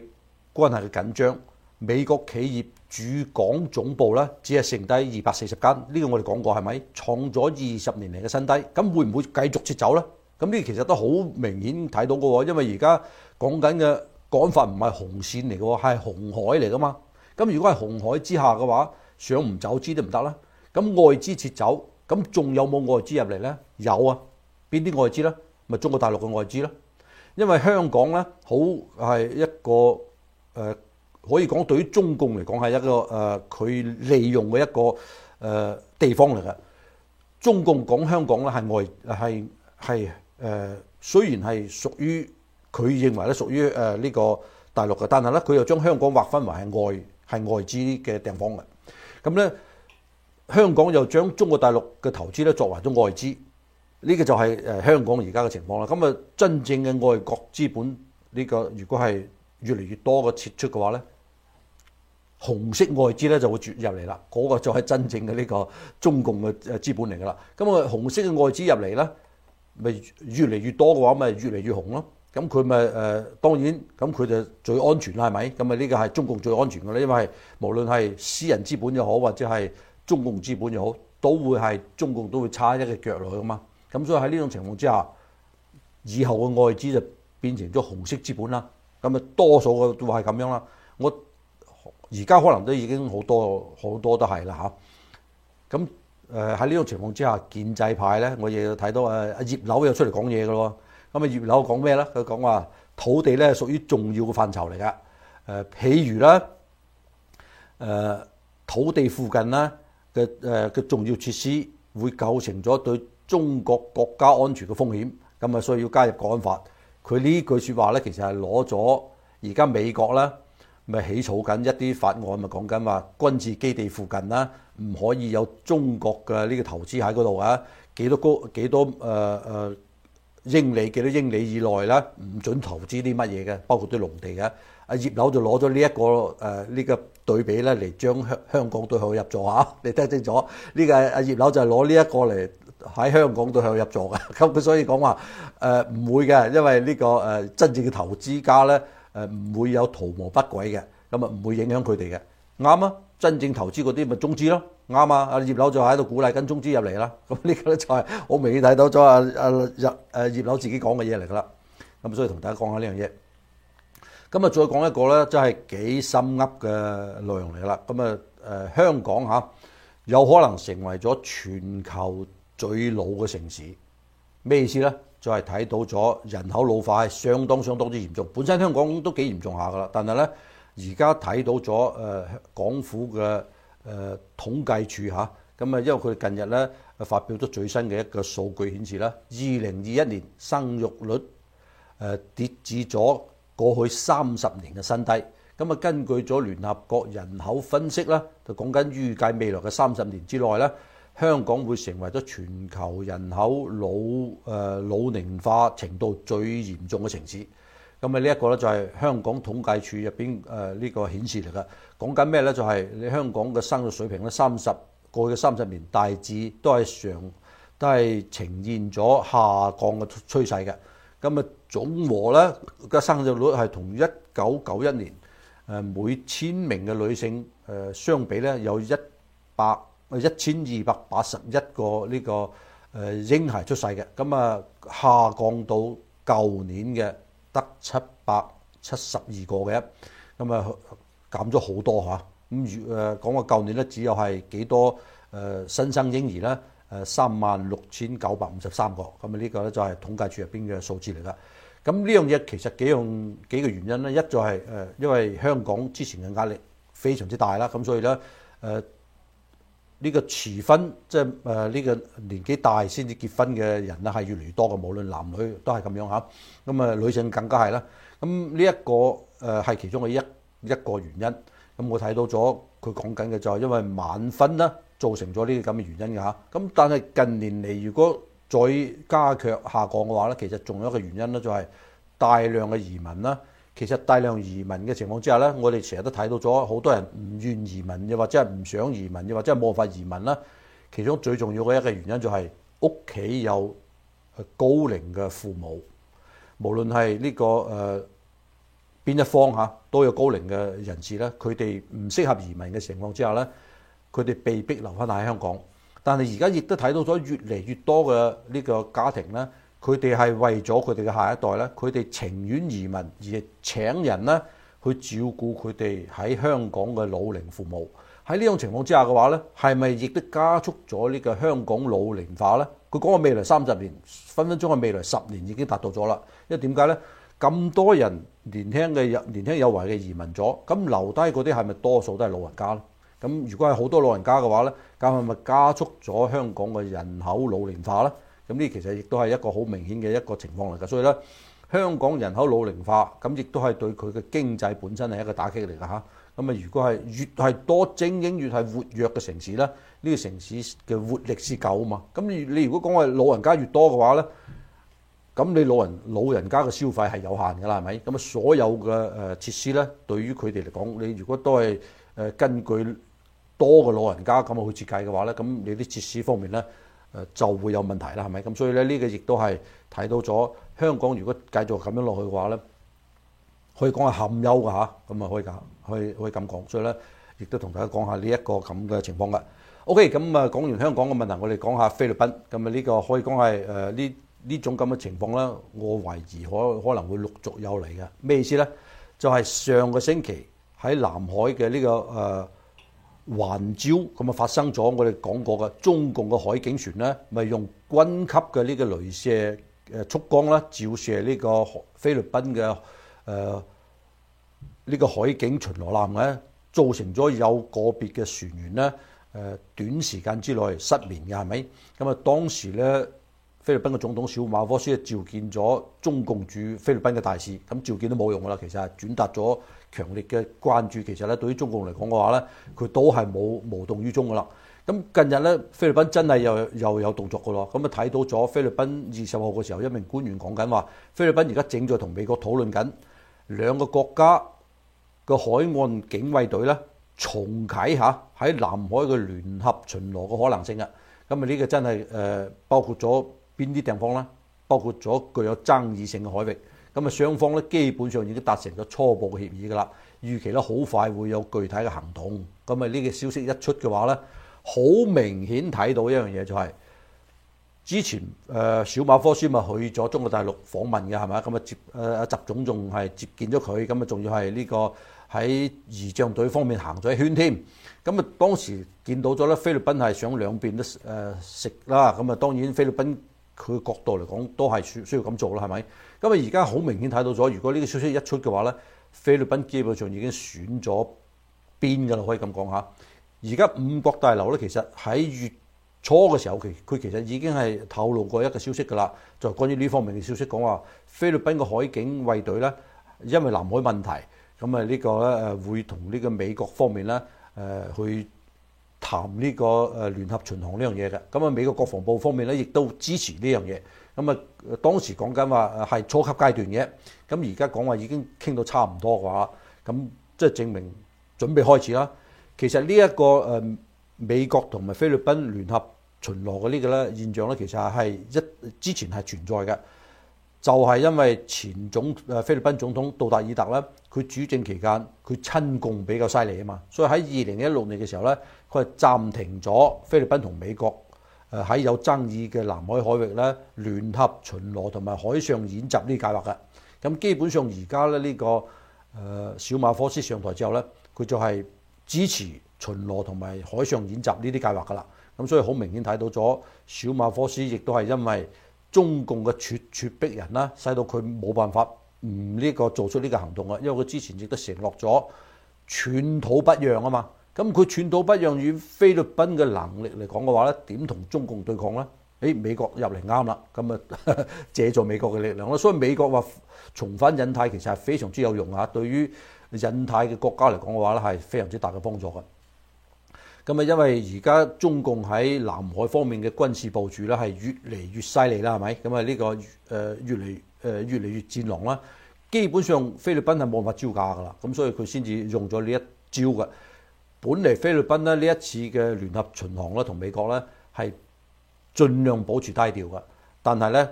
關係嘅緊張，美國企業駐港總部呢，只係剩低二百四十間，呢個我哋講過係咪？創咗二十年嚟嘅新低，咁會唔會繼續撤走呢？咁呢個其實都好明顯睇到嘅喎，因為而家講緊嘅講法唔係紅線嚟嘅喎，係紅海嚟嘅嘛。咁如果係紅海之下嘅話，想唔走資都唔得啦。咁外資撤走，咁仲有冇外資入嚟呢？有啊，邊啲外資呢？咪中國大陸嘅外資咯。因為香港呢，好係一個誒，可以講對於中共嚟講係一個誒，佢利用嘅一個誒地方嚟嘅。中共講香港呢，係外係係誒，雖然係屬於佢認為咧屬於誒呢個大陸嘅，但係呢佢又將香港劃分為係外係外資嘅地方嘅。咁呢。香港又將中國大陸嘅投資咧作為咗外資，呢個就係誒香港而家嘅情況啦。咁啊，真正嘅外國資本呢個，如果係越嚟越多嘅撤出嘅話咧，紅色外資咧就會入嚟啦。嗰個就係真正嘅呢個中共嘅資本嚟噶啦。咁啊，紅色嘅外資入嚟咧，咪越嚟越多嘅話，咪越嚟越紅咯。咁佢咪誒當然，咁佢就最安全啦，係咪？咁啊，呢個係中共最安全嘅咧，因為無論係私人資本又好，或者係～中共資本又好，都會係中共都會差一隻腳落去噶嘛。咁所以喺呢種情況之下，以後嘅外資就變成咗紅色資本啦。咁啊，多數都係咁樣啦。我而家可能都已經好多好多都係啦嚇。咁誒喺呢種情況之下，建制派咧，我亦睇到誒、呃、葉劉又出嚟講嘢噶喎。咁啊，葉劉講咩咧？佢講話土地咧屬於重要嘅範疇嚟噶。誒、呃，譬如啦，誒、呃、土地附近啦。嘅誒嘅重要設施會構成咗對中國國家安全嘅風險，咁啊所以要加入國安法。佢呢句説話咧，其實係攞咗而家美國啦，咪起草緊一啲法案，咪講緊話軍事基地附近啦，唔可以有中國嘅呢個投資喺嗰度啊，幾多高？幾多誒誒英里幾多英里以內啦，唔准投資啲乜嘢嘅，包括啲農地嘅。阿葉劉就攞咗呢一個誒呢個。對比咧嚟將香香港對號入座嚇，你聽清楚？呢、這個阿葉劉就攞呢一個嚟喺香港對號入座嘅，咁所以講話唔會嘅，因為呢、這個、呃、真正嘅投資家咧唔、呃、會有圖謀不軌嘅，咁啊唔會影響佢哋嘅，啱啊！真正投資嗰啲咪中資咯，啱啊！阿葉劉就喺度鼓勵跟中資入嚟啦，咁呢個就係我明顯睇到咗阿阿葉誒劉自己講嘅嘢嚟噶啦，咁所以同大家講下呢樣嘢。咁啊，再講一個咧，真係幾深噏嘅內容嚟啦。咁啊，誒香港嚇有可能成為咗全球最老嘅城市，咩意思呢？就係、是、睇到咗人口老化係相當相當之嚴重。本身香港都幾嚴重下噶啦，但係呢而家睇到咗誒港府嘅誒統計處嚇，咁啊，因為佢近日呢發表咗最新嘅一個數據顯示呢二零二一年生育率跌至咗過去三十年嘅新低，咁啊，根據咗聯合國人口分析啦，就講緊預計未來嘅三十年之內咧，香港會成為咗全球人口老誒老齡化程度最嚴重嘅城市。咁啊，呢一個咧就係香港統計處入邊誒呢個顯示嚟嘅，講緊咩咧？就係、是、你香港嘅生育水平咧，三十過去三十年大致都係上都係呈現咗下降嘅趨勢嘅。咁啊～總和咧嘅生育率係同一九九一年誒每千名嘅女性誒、呃、相比咧，有一百一千二百八十一個呢、這個誒、呃、嬰孩出世嘅，咁、嗯、啊下降到舊年嘅得七百七十二個嘅，咁、嗯、啊減咗好多嚇。咁如誒講話舊年咧，只有係幾多誒、呃、新生嬰兒咧？誒、呃、三萬六千九百五十三個，咁、嗯、啊、這個、呢個咧就係、是、統計處入邊嘅數字嚟㗎。咁呢樣嘢其實幾樣幾個原因咧，一就係因為香港之前嘅壓力非常之大啦，咁所以咧呢個遲婚，即係呢個年紀大先至結婚嘅人咧，係越嚟越多嘅，無論男女都係咁樣吓，咁啊女性更加係啦。咁呢一個係其中嘅一一個原因。咁我睇到咗佢講緊嘅就係因為晚婚啦，造成咗呢個咁嘅原因㗎吓。咁但係近年嚟如果，再加強下降嘅話咧，其實仲有一個原因咧，就係大量嘅移民啦。其實大量移民嘅情況之下咧，我哋成日都睇到咗好多人唔願意移民，又或者係唔想移民，又或者係冇法移民啦。其中最重要嘅一個原因就係屋企有高齡嘅父母，無論係呢、這個誒邊、呃、一方嚇都有高齡嘅人士咧，佢哋唔適合移民嘅情況之下咧，佢哋被逼留翻喺香港。但係而家亦都睇到咗越嚟越多嘅呢個家庭咧，佢哋係為咗佢哋嘅下一代呢，佢哋情願移民而請人呢去照顧佢哋喺香港嘅老齡父母。喺呢種情況之下嘅話呢，係咪亦都加速咗呢個香港老齡化呢？佢講個未來三十年，分分鐘係未來十年已經達到咗啦。因為點解呢？咁多人年輕嘅有年輕有為嘅移民咗，咁留低嗰啲係咪多數都係老人家咧？咁如果係好多老人家嘅話呢，咁係咪加速咗香港嘅人口老年化呢？咁呢，其實亦都係一個好明顯嘅一個情況嚟㗎。所以呢，香港人口老年化，咁亦都係對佢嘅經濟本身係一個打擊嚟㗎嚇。咁啊，如果係越係多精英越係活躍嘅城市呢，呢個城市嘅活力是夠啊嘛。咁你如果講係老人家越多嘅話呢，咁你老人老人家嘅消費係有限㗎啦，係咪？咁啊，所有嘅誒設施呢，對於佢哋嚟講，你如果都係根據多個老人家咁去設計嘅話呢，咁你啲設施方面呢誒、呃、就會有問題啦，係咪咁？所以呢，呢個亦都係睇到咗香港。如果繼續咁樣落去嘅話呢，可以講係堪憂㗎吓，咁啊可以講，可以可以咁講。所以呢亦都同大家講下呢、這、一個咁嘅情況嘅。OK，咁啊講完香港嘅問題，我哋講下菲律賓，咁啊呢個可以講係誒呢呢種咁嘅情況呢，我懷疑可可能會陸續有嚟嘅，咩意思呢？就係、是、上個星期喺南海嘅呢、這個誒。呃環礁咁啊發生咗我哋講過嘅中共嘅海警船咧，咪用軍級嘅呢個雷射誒束光啦照射呢個菲律賓嘅誒呢個海警巡邏艦咧，造成咗有個別嘅船員咧誒、呃、短時間之內失眠嘅係咪？咁啊當時咧菲律賓嘅總統小馬科斯啊召見咗中共駐菲律賓嘅大使，咁召見都冇用噶啦，其實係轉達咗強烈嘅關注，其實咧對於中共嚟講嘅話咧，佢都係冇無，無動於衷噶啦。咁近日咧，菲律賓真係又又有動作噶咯。咁啊睇到咗菲律賓二十號嘅時候，一名官員講緊話，菲律賓而家正在同美國討論緊兩個國家嘅海岸警衛隊咧重啟下喺南海嘅聯合巡邏嘅可能性啊。咁啊呢個真係誒包括咗邊啲地方咧，包括咗具有爭議性嘅海域。咁啊，雙方咧基本上已經達成咗初步嘅協議㗎啦，預期咧好快會有具體嘅行動。咁啊，呢個消息一出嘅話咧，好明顯睇到一樣嘢就係、是、之前誒小馬科斯咪去咗中國大陸訪問嘅係咪？咁啊，習誒阿習總仲係接見咗佢，咁啊仲要係呢個喺儀仗隊方面行咗一圈添。咁啊，當時見到咗咧，菲律賓係想兩邊都誒食啦。咁啊，當然菲律賓。佢角度嚟講，都係需需要咁做啦，係咪？咁啊，而家好明顯睇到咗，如果呢個消息一出嘅話咧，菲律賓基本上已經選咗邊噶啦，可以咁講嚇。而家五角大樓咧，其實喺月初嘅時候，其佢其實已經係透露過一個消息噶啦，就關於呢方面嘅消息說，講話菲律賓嘅海警衛隊咧，因為南海問題，咁啊呢個咧誒會同呢個美國方面咧誒去。談呢個誒聯合巡航，呢樣嘢嘅，咁啊美國國防部方面咧亦都支持呢樣嘢，咁啊當時講緊話係初級階段嘅，咁而家講話已經傾到差唔多嘅話，咁即係證明準備開始啦。其實呢一個誒美國同埋菲律賓聯合巡邏嘅呢個咧現象咧，其實係一之前係存在嘅。就係、是、因為前總誒菲律賓總統杜達爾特咧，佢主政期間佢親共比較犀利啊嘛，所以喺二零一六年嘅時候咧，佢係暫停咗菲律賓同美國誒喺有爭議嘅南海海域咧聯合巡邏同埋海上演習呢啲計劃嘅。咁基本上而家咧呢、這個誒、呃、小馬科斯上台之後咧，佢就係支持巡邏同埋海上演習呢啲計劃噶啦。咁所以好明顯睇到咗小馬科斯亦都係因為。中共嘅咄咄逼人啦，使到佢冇辦法唔呢個做出呢個行動啊。因為佢之前亦都承諾咗寸土不讓啊嘛。咁佢寸土不讓與菲律賓嘅能力嚟講嘅話咧，點同中共對抗咧？誒，美國入嚟啱啦，咁啊借助美國嘅力量啦，所以美國話重返印太其實係非常之有用啊。對於印太嘅國家嚟講嘅話咧，係非常之大嘅幫助嘅。咁啊，因為而家中共喺南海方面嘅軍事部署咧，係、這個、越嚟、呃、越犀利啦，係、呃、咪？咁啊，呢個誒越嚟誒越嚟越戰狼啦。基本上菲律賓係冇辦法招架噶啦，咁所以佢先至用咗呢一招嘅。本嚟菲律賓咧呢這一次嘅聯合巡航咧，同美國咧係盡量保持低調嘅。但係咧，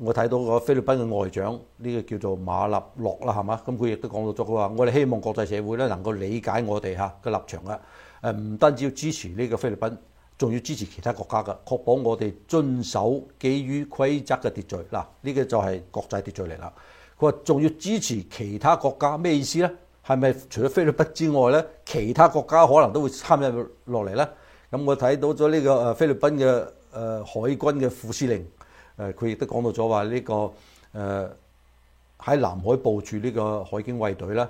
我睇到個菲律賓嘅外長呢、這個叫做馬納洛啦，係嘛？咁佢亦都講到咗，佢話，我哋希望國際社會咧能夠理解我哋嚇嘅立場啊！誒唔單止要支持呢個菲律賓，仲要支持其他國家嘅，確保我哋遵守基於規則嘅秩序。嗱，呢個就係國際秩序嚟啦。佢話仲要支持其他國家，咩意思呢？係咪除咗菲律賓之外呢？其他國家可能都會參與落嚟呢？咁我睇到咗呢個誒菲律賓嘅誒海軍嘅副司令，誒佢亦都講到咗話呢個誒喺、呃、南海部署呢個海警衛隊呢，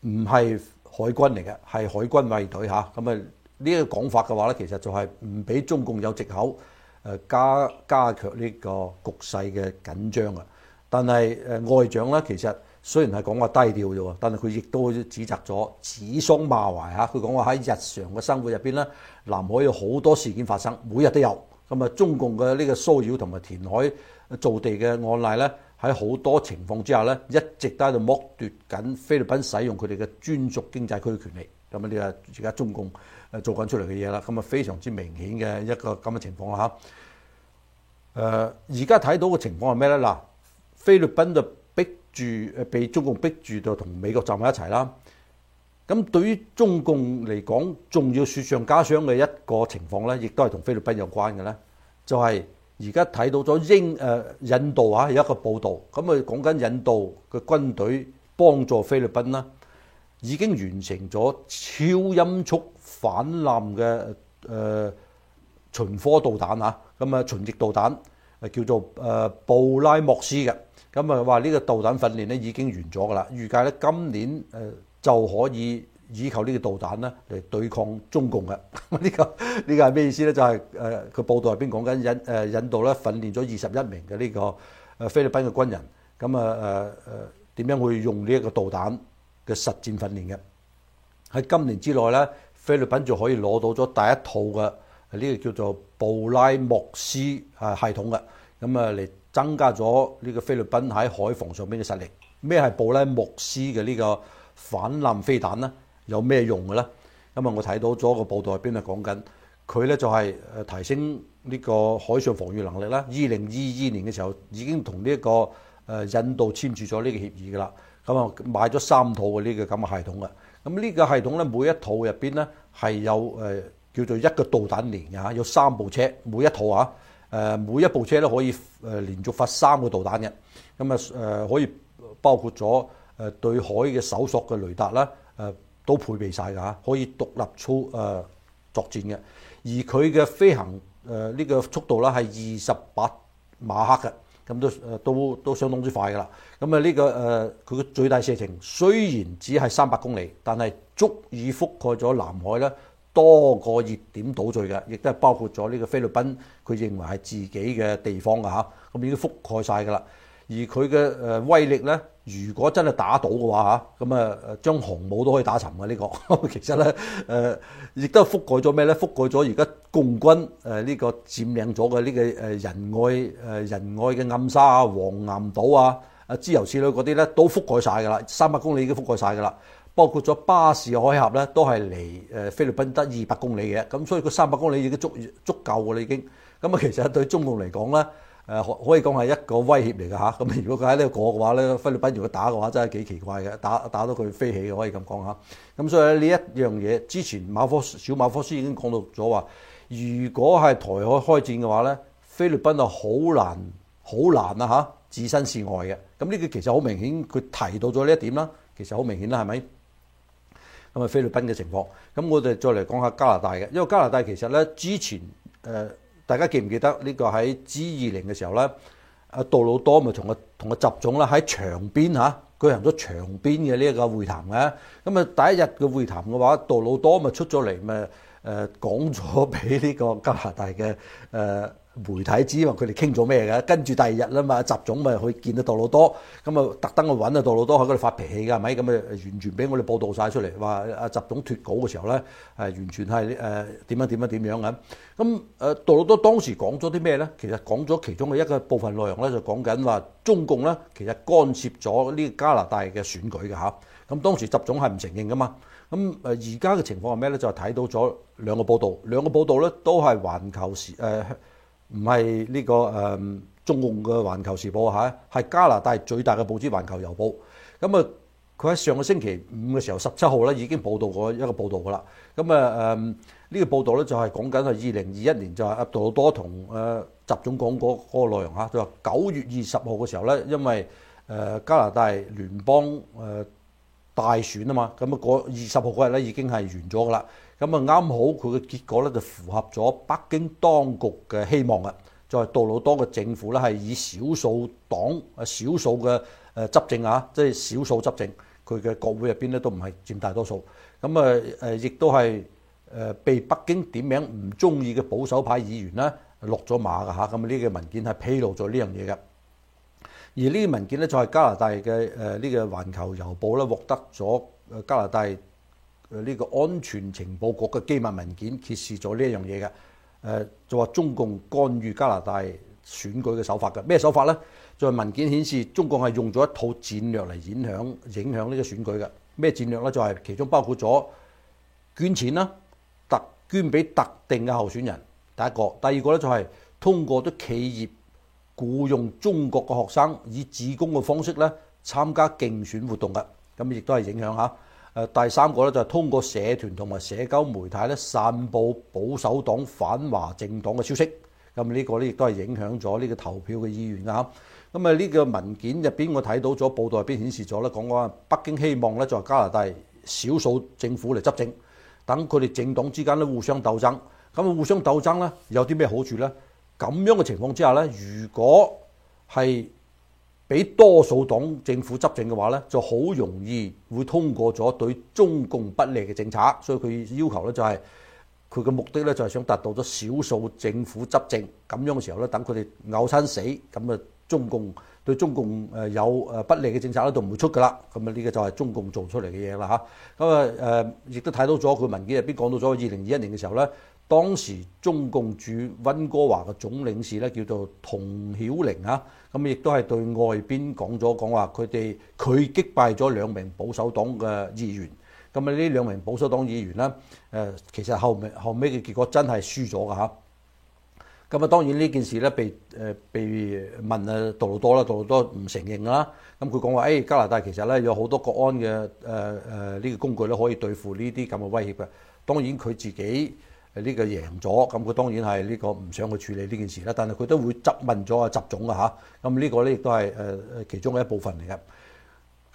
唔係。海軍嚟嘅，係海軍衛隊嚇，咁啊呢一個講法嘅話呢，其實就係唔俾中共有藉口，誒加加強呢個局勢嘅緊張啊！但係誒外長呢，其實雖然係講話低調啫喎，但係佢亦都指責咗指桑罵槐嚇，佢講話喺日常嘅生活入邊咧，南海有好多事件發生，每日都有，咁啊、就係、中共嘅呢個騷擾同埋填海造地嘅案例呢，喺好多情況之下咧，一直都喺度剝奪緊菲律賓使用佢哋嘅專屬經濟區嘅權利。咁啊，呢個而家中共誒做緊出嚟嘅嘢啦，咁啊非常之明顯嘅一個咁嘅情況啦嚇。誒，而家睇到嘅情況係咩咧？嗱，菲律賓就逼住誒，被中共逼住就同美國站喺一齊啦。咁對於中共嚟講，仲要雪上加霜嘅一個情況咧，亦都係同菲律賓有關嘅咧，就係、是。而家睇到咗英誒印度嚇有一個報導，咁啊講緊印度嘅軍隊幫助菲律賓啦，已經完成咗超音速反艦嘅誒巡航導彈嚇，咁啊巡航導彈係叫做誒布拉莫斯嘅，咁啊話呢個導彈訓練咧已經完咗噶啦，預計咧今年誒就可以。以求呢個導彈呢，嚟對抗中共嘅，呢、 呢個呢、呢個係咩意思呢？就係誒佢報道入邊講緊引誒印度咧訓練咗二十一名嘅呢個誒菲律賓嘅軍人，咁啊誒誒點樣會用呢一個導彈嘅實戰訓練嘅？喺今年之內呢，菲律賓就可以攞到咗第一套嘅呢、呢個叫做布拉莫斯啊系統嘅，咁啊嚟增加咗呢個菲律賓喺海防上邊嘅實力。咩係布拉莫斯嘅呢個反艦飛彈呢？有咩用嘅咧？因為我睇到咗個報道入邊啊，講緊佢咧就係誒提升呢個海上防禦能力啦。二零二二年嘅時候已經同呢一個誒印度簽署咗呢個協議㗎喇。咁啊買咗三套嘅呢個咁嘅系統嘅。咁呢個系統咧每一套入邊咧係有誒叫做一個導彈連嘅嚇，有三部車，每一套嚇誒每一部車咧可以誒連續發三個導彈嘅。咁啊誒可以包括咗誒對海嘅搜索嘅雷達啦，誒。都配備晒㗎嚇，可以獨立操誒作戰嘅。而佢嘅飛行誒呢個速度咧係二十八馬赫嘅，咁都誒都都相當之快㗎啦。咁啊呢個誒佢嘅最大射程雖然只係三百公里，但係足以覆蓋咗南海咧多個熱點島嶼嘅，亦都係包括咗呢個菲律賓，佢認為係自己嘅地方㗎嚇。咁已經覆蓋晒㗎啦。而佢嘅誒威力咧～如果真係打到嘅話嚇，咁啊將航母都可以打沉嘅呢、呢個。其實咧，誒、呃、亦都覆蓋咗咩咧？覆蓋咗而家共軍誒呢、呃呢個佔領咗嘅呢個誒仁愛誒仁、呃、愛嘅暗沙啊、黃岩島啊、啊諸如此類嗰啲咧，都覆蓋晒㗎啦。三百公里已經覆蓋晒㗎啦，包括咗巴士海峽咧，都係離誒菲律賓得二百公里嘅。咁所以佢三百公里已經足足夠㗎啦，已經。咁啊，其實對中共嚟講咧，誒可，可以講係一個威脅嚟㗎，嚇，咁如果佢喺呢個個嘅話咧，菲律賓如果打嘅話，真係幾奇怪嘅，打，打到佢飛起可以咁講嚇。咁所以呢一樣嘢，之前馬科，小馬科斯已經講到咗話，如果係台海開戰嘅話咧，菲律賓啊好難好難啊嚇置身事外嘅。咁呢個其實好明顯，佢提到咗呢一點啦，其實好明顯啦，係咪？咁啊，菲律賓嘅情況，咁我哋再嚟講下加拿大嘅，因為加拿大其實咧之前誒。呃大家記唔記得呢個喺 G 二零嘅時候咧，阿杜魯多咪同個同個習總啦喺場邊嚇舉行咗場邊嘅呢一個會談嘅，咁啊第一日嘅會談嘅話，杜魯多咪出咗嚟咪誒講咗俾呢個加拿大嘅誒。呃媒體指話佢哋傾咗咩嘅，跟住第二日啦嘛，習總咪去見到杜魯多，咁啊特登去揾啊杜魯多喺嗰度發脾氣嘅係咪？咁啊完全俾我哋報道晒出嚟，話阿習總脫稿嘅時候咧，係完全係誒點樣點樣點樣嘅。咁誒、嗯、杜魯多當時講咗啲咩咧？其實講咗其中嘅一個部分內容咧，就講緊話中共咧其實干涉咗呢個加拿大嘅選舉嘅嚇。咁、嗯、當時習總係唔承認嘅嘛。咁誒而家嘅情況係咩咧？就係、是、睇到咗兩個報道，兩個報道咧都係環球時誒。呃唔係呢個、嗯、中共嘅《環球時報》嚇、啊，係加拿大最大嘅報紙《環球郵報》。咁啊，佢喺上個星期五嘅時候，十七號咧已經報道過一個報道嘅啦。咁啊呢個報道咧就係、是、講緊係二零二一年就係、是、阿杜魯多同誒習總講過嗰個內容嚇。就話九月二十號嘅時候咧，因為、呃、加拿大聯邦、呃、大選啊嘛，咁啊個二十號嗰日咧已經係完咗嘅啦。咁啊啱好佢嘅結果咧就符合咗北京當局嘅希望啊！就係杜魯多嘅政府咧係以少數黨、少數嘅誒執政啊，即係少數執政，佢嘅國會入邊咧都唔係佔大多數。咁啊誒，亦都係誒被北京點名唔中意嘅保守派議員呢落咗馬嘅嚇。咁呢個文件係披露咗呢樣嘢嘅。而呢個文件呢，就係加拿大嘅誒呢個《環球郵報》咧獲得咗加拿大。呢、這個安全情報局嘅機密文件揭示咗呢一樣嘢嘅，誒就話中共干預加拿大選舉嘅手法嘅，咩手法呢？就係、是、文件顯示中共係用咗一套戰略嚟影響影響呢個選舉嘅，咩戰略呢？就係、是、其中包括咗捐錢啦，特捐俾特定嘅候選人，第一個，第二個呢，就係通過咗企業僱用中國嘅學生以志工嘅方式呢參加競選活動嘅，咁亦都係影響嚇。第三個咧就係通過社團同埋社交媒體咧散佈保守黨反華政黨嘅消息，咁、這、呢個咧亦都係影響咗呢個投票嘅意願㗎。咁啊呢個文件入邊我睇到咗，報道入邊顯示咗咧講講北京希望咧在加拿大少數政府嚟執政，等佢哋政黨之間咧互相鬥爭。咁互相鬥爭咧有啲咩好處呢？咁樣嘅情況之下咧，如果係俾多數黨政府執政嘅話呢，就好容易會通過咗對中共不利嘅政策，所以佢要求呢、就係，就係佢嘅目的呢，就係想達到咗少數政府執政咁樣嘅時候呢，等佢哋咬親死，咁啊中共對中共誒有誒不利嘅政策呢，就唔會出噶啦，咁啊呢個就係中共做出嚟嘅嘢啦嚇，咁啊誒亦都睇到咗佢文件入邊講到咗二零二一年嘅時候呢。當時中共駐温哥華嘅總領事咧，叫做佟曉玲啊，咁亦都係對外邊講咗講話，佢哋佢擊敗咗兩名保守黨嘅議員，咁啊呢兩名保守黨議員呢，誒其實後後尾嘅結果真係輸咗㗎吓。咁啊當然呢件事呢，被誒被問啊杜魯多啦，杜魯多唔承認啦，咁佢講話誒加拿大其實呢，有好多國安嘅誒誒呢個工具咧可以對付呢啲咁嘅威脅嘅，當然佢自己。呢個贏咗，咁佢當然係呢個唔想去處理呢件事啦。但係佢都會質問咗阿習總啊，嚇，咁呢個咧亦都係誒誒其中嘅一部分嚟嘅。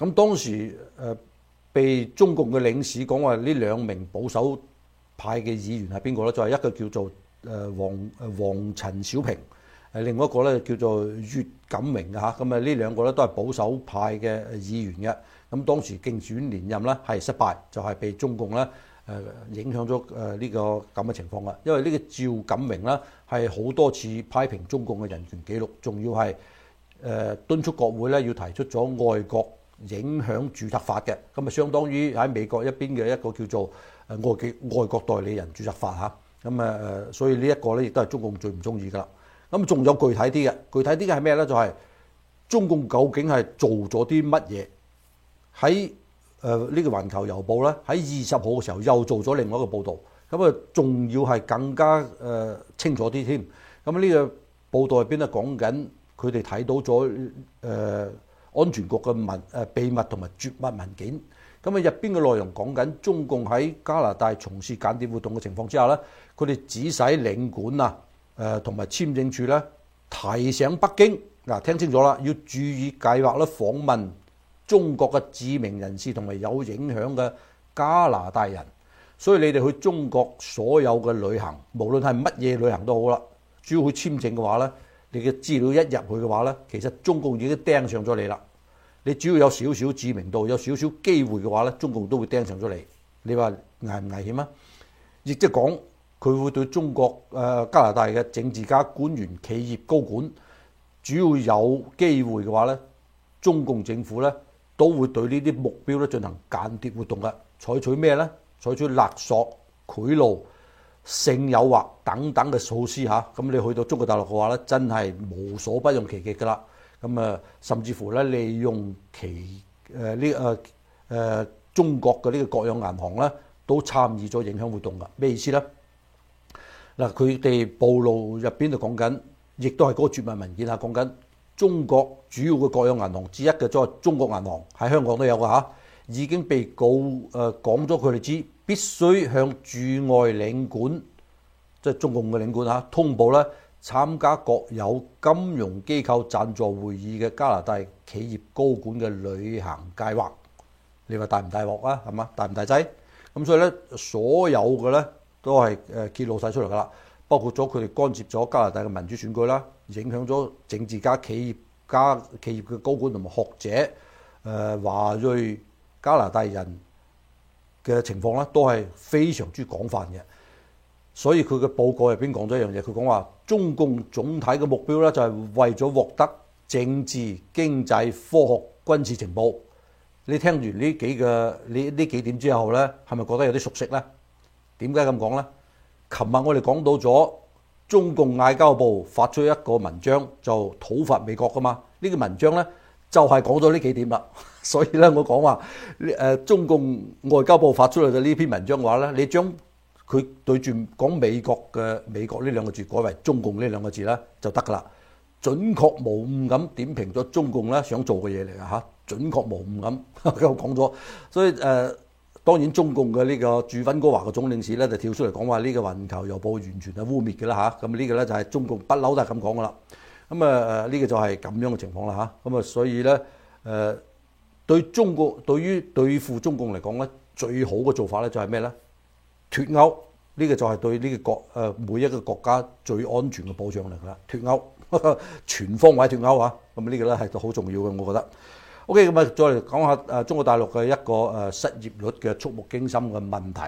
咁當時誒被中共嘅領事講話呢兩名保守派嘅議員係邊個咧？就係一個叫做誒黃誒黃陳小平，誒另外一個咧叫做月錦榮嘅嚇。咁啊呢兩個咧都係保守派嘅議員嘅。咁當時競選連任咧係失敗，就係被中共咧。誒影響咗誒呢個咁嘅情況啦，因為呢個趙錦榮呢係好多次批評中共嘅人權記錄，仲要係誒敦促國會咧要提出咗外國影響註冊法嘅，咁啊相當於喺美國一邊嘅一個叫做誒外國外國代理人註冊法嚇，咁啊所以呢一個咧亦都係中共最唔中意噶啦。咁仲有具體啲嘅，具體啲嘅係咩咧？就係、是、中共究竟係做咗啲乜嘢喺？誒、這、呢個《環球郵報》咧喺二十號嘅時候又做咗另外一個報導，咁啊仲要係更加誒清楚啲添。咁、這、呢個報導入邊咧講緊佢哋睇到咗誒安全局嘅文誒秘密同埋絕密文件。咁啊入邊嘅內容講緊中共喺加拿大從事間諜活動嘅情況之下呢，佢哋指使領館啊誒同埋簽證處呢，提醒北京。嗱，聽清楚啦，要注意計劃咧訪問。中國嘅知名人士同埋有影響嘅加拿大人，所以你哋去中國所有嘅旅行，無論係乜嘢旅行都好啦。只要去簽證嘅話呢，你嘅資料一入去嘅話呢，其實中共已經盯上咗你啦。你只要有少少知名度、有少少機會嘅話呢，中共都會盯上咗你。你話危唔危險啊？亦即係講佢會對中國誒加拿大嘅政治家、官員、企業高管，只要有機會嘅話呢，中共政府呢。都會對呢啲目標咧進行間諜活動嘅，採取咩呢？採取勒索、賄賂、性誘惑等等嘅措施嚇。咁、啊、你去到中國大陸嘅話咧，真係無所不用其極噶啦。咁啊，甚至乎咧利用其誒呢誒誒中國嘅呢個國有銀行咧，都參與咗影響活動嘅。咩意思呢？嗱、啊，佢哋暴露入邊就講緊，亦都係嗰個絕密文件啊，講緊。中國主要嘅國有銀行之一嘅，中國銀行喺香港都有㗎嚇，已經被告誒講咗佢哋知，必須向駐外領館，即係中共嘅領館嚇，啊，通報咧參加國有金融機構贊助會議嘅加拿大企業高管嘅旅行計劃。你話大唔大鑊啊？係嘛，大唔大劑？咁所以咧，所有嘅咧都係誒揭露晒出嚟㗎啦，包括咗佢哋干涉咗加拿大嘅民主選舉啦。影響咗政治家、企業家、企業嘅高管同埋學者，誒華裔加拿大人嘅情況咧，都係非常之廣泛嘅。所以佢嘅報告入邊講咗一樣嘢，佢講話中共總體嘅目標咧，就係為咗獲得政治、經濟、科學、軍事情報。你聽完呢幾個呢呢幾點之後咧，係咪覺得有啲熟悉咧？點解咁講咧？琴日我哋講到咗。中共外交部發出一個文章就討伐美國噶嘛？呢、這個文章呢，就係、是、講咗呢幾點啦，所以呢，我講話、呃、中共外交部發出嚟嘅呢篇文章嘅話呢，你將佢對住講美國嘅美國呢兩個字改為中共呢兩個字呢，就得噶啦，準確無誤咁點評咗中共呢想做嘅嘢嚟㗎嚇，準確無誤咁又講咗，所以誒。呃當然中共嘅呢個駐溫哥華嘅總領事咧，就是、跳出嚟講話呢個環球郵報完全係污蔑嘅啦吓，咁、啊、呢、這個咧就係中共不嬲都係咁講噶啦。咁啊呢、這個就係咁樣嘅情況啦吓，咁啊所以咧誒、啊、對中國對於對付中共嚟講咧最好嘅做法咧就係咩咧脫歐呢、這個就係對呢、這個、啊、每一個國家最安全嘅保障嚟噶啦脫歐，全方位脫歐啊！咁、啊、呢、這個咧係好重要嘅，我覺得。O.K. 咁啊，再嚟講下誒中國大陸嘅一個誒失業率嘅觸目驚心嘅問題。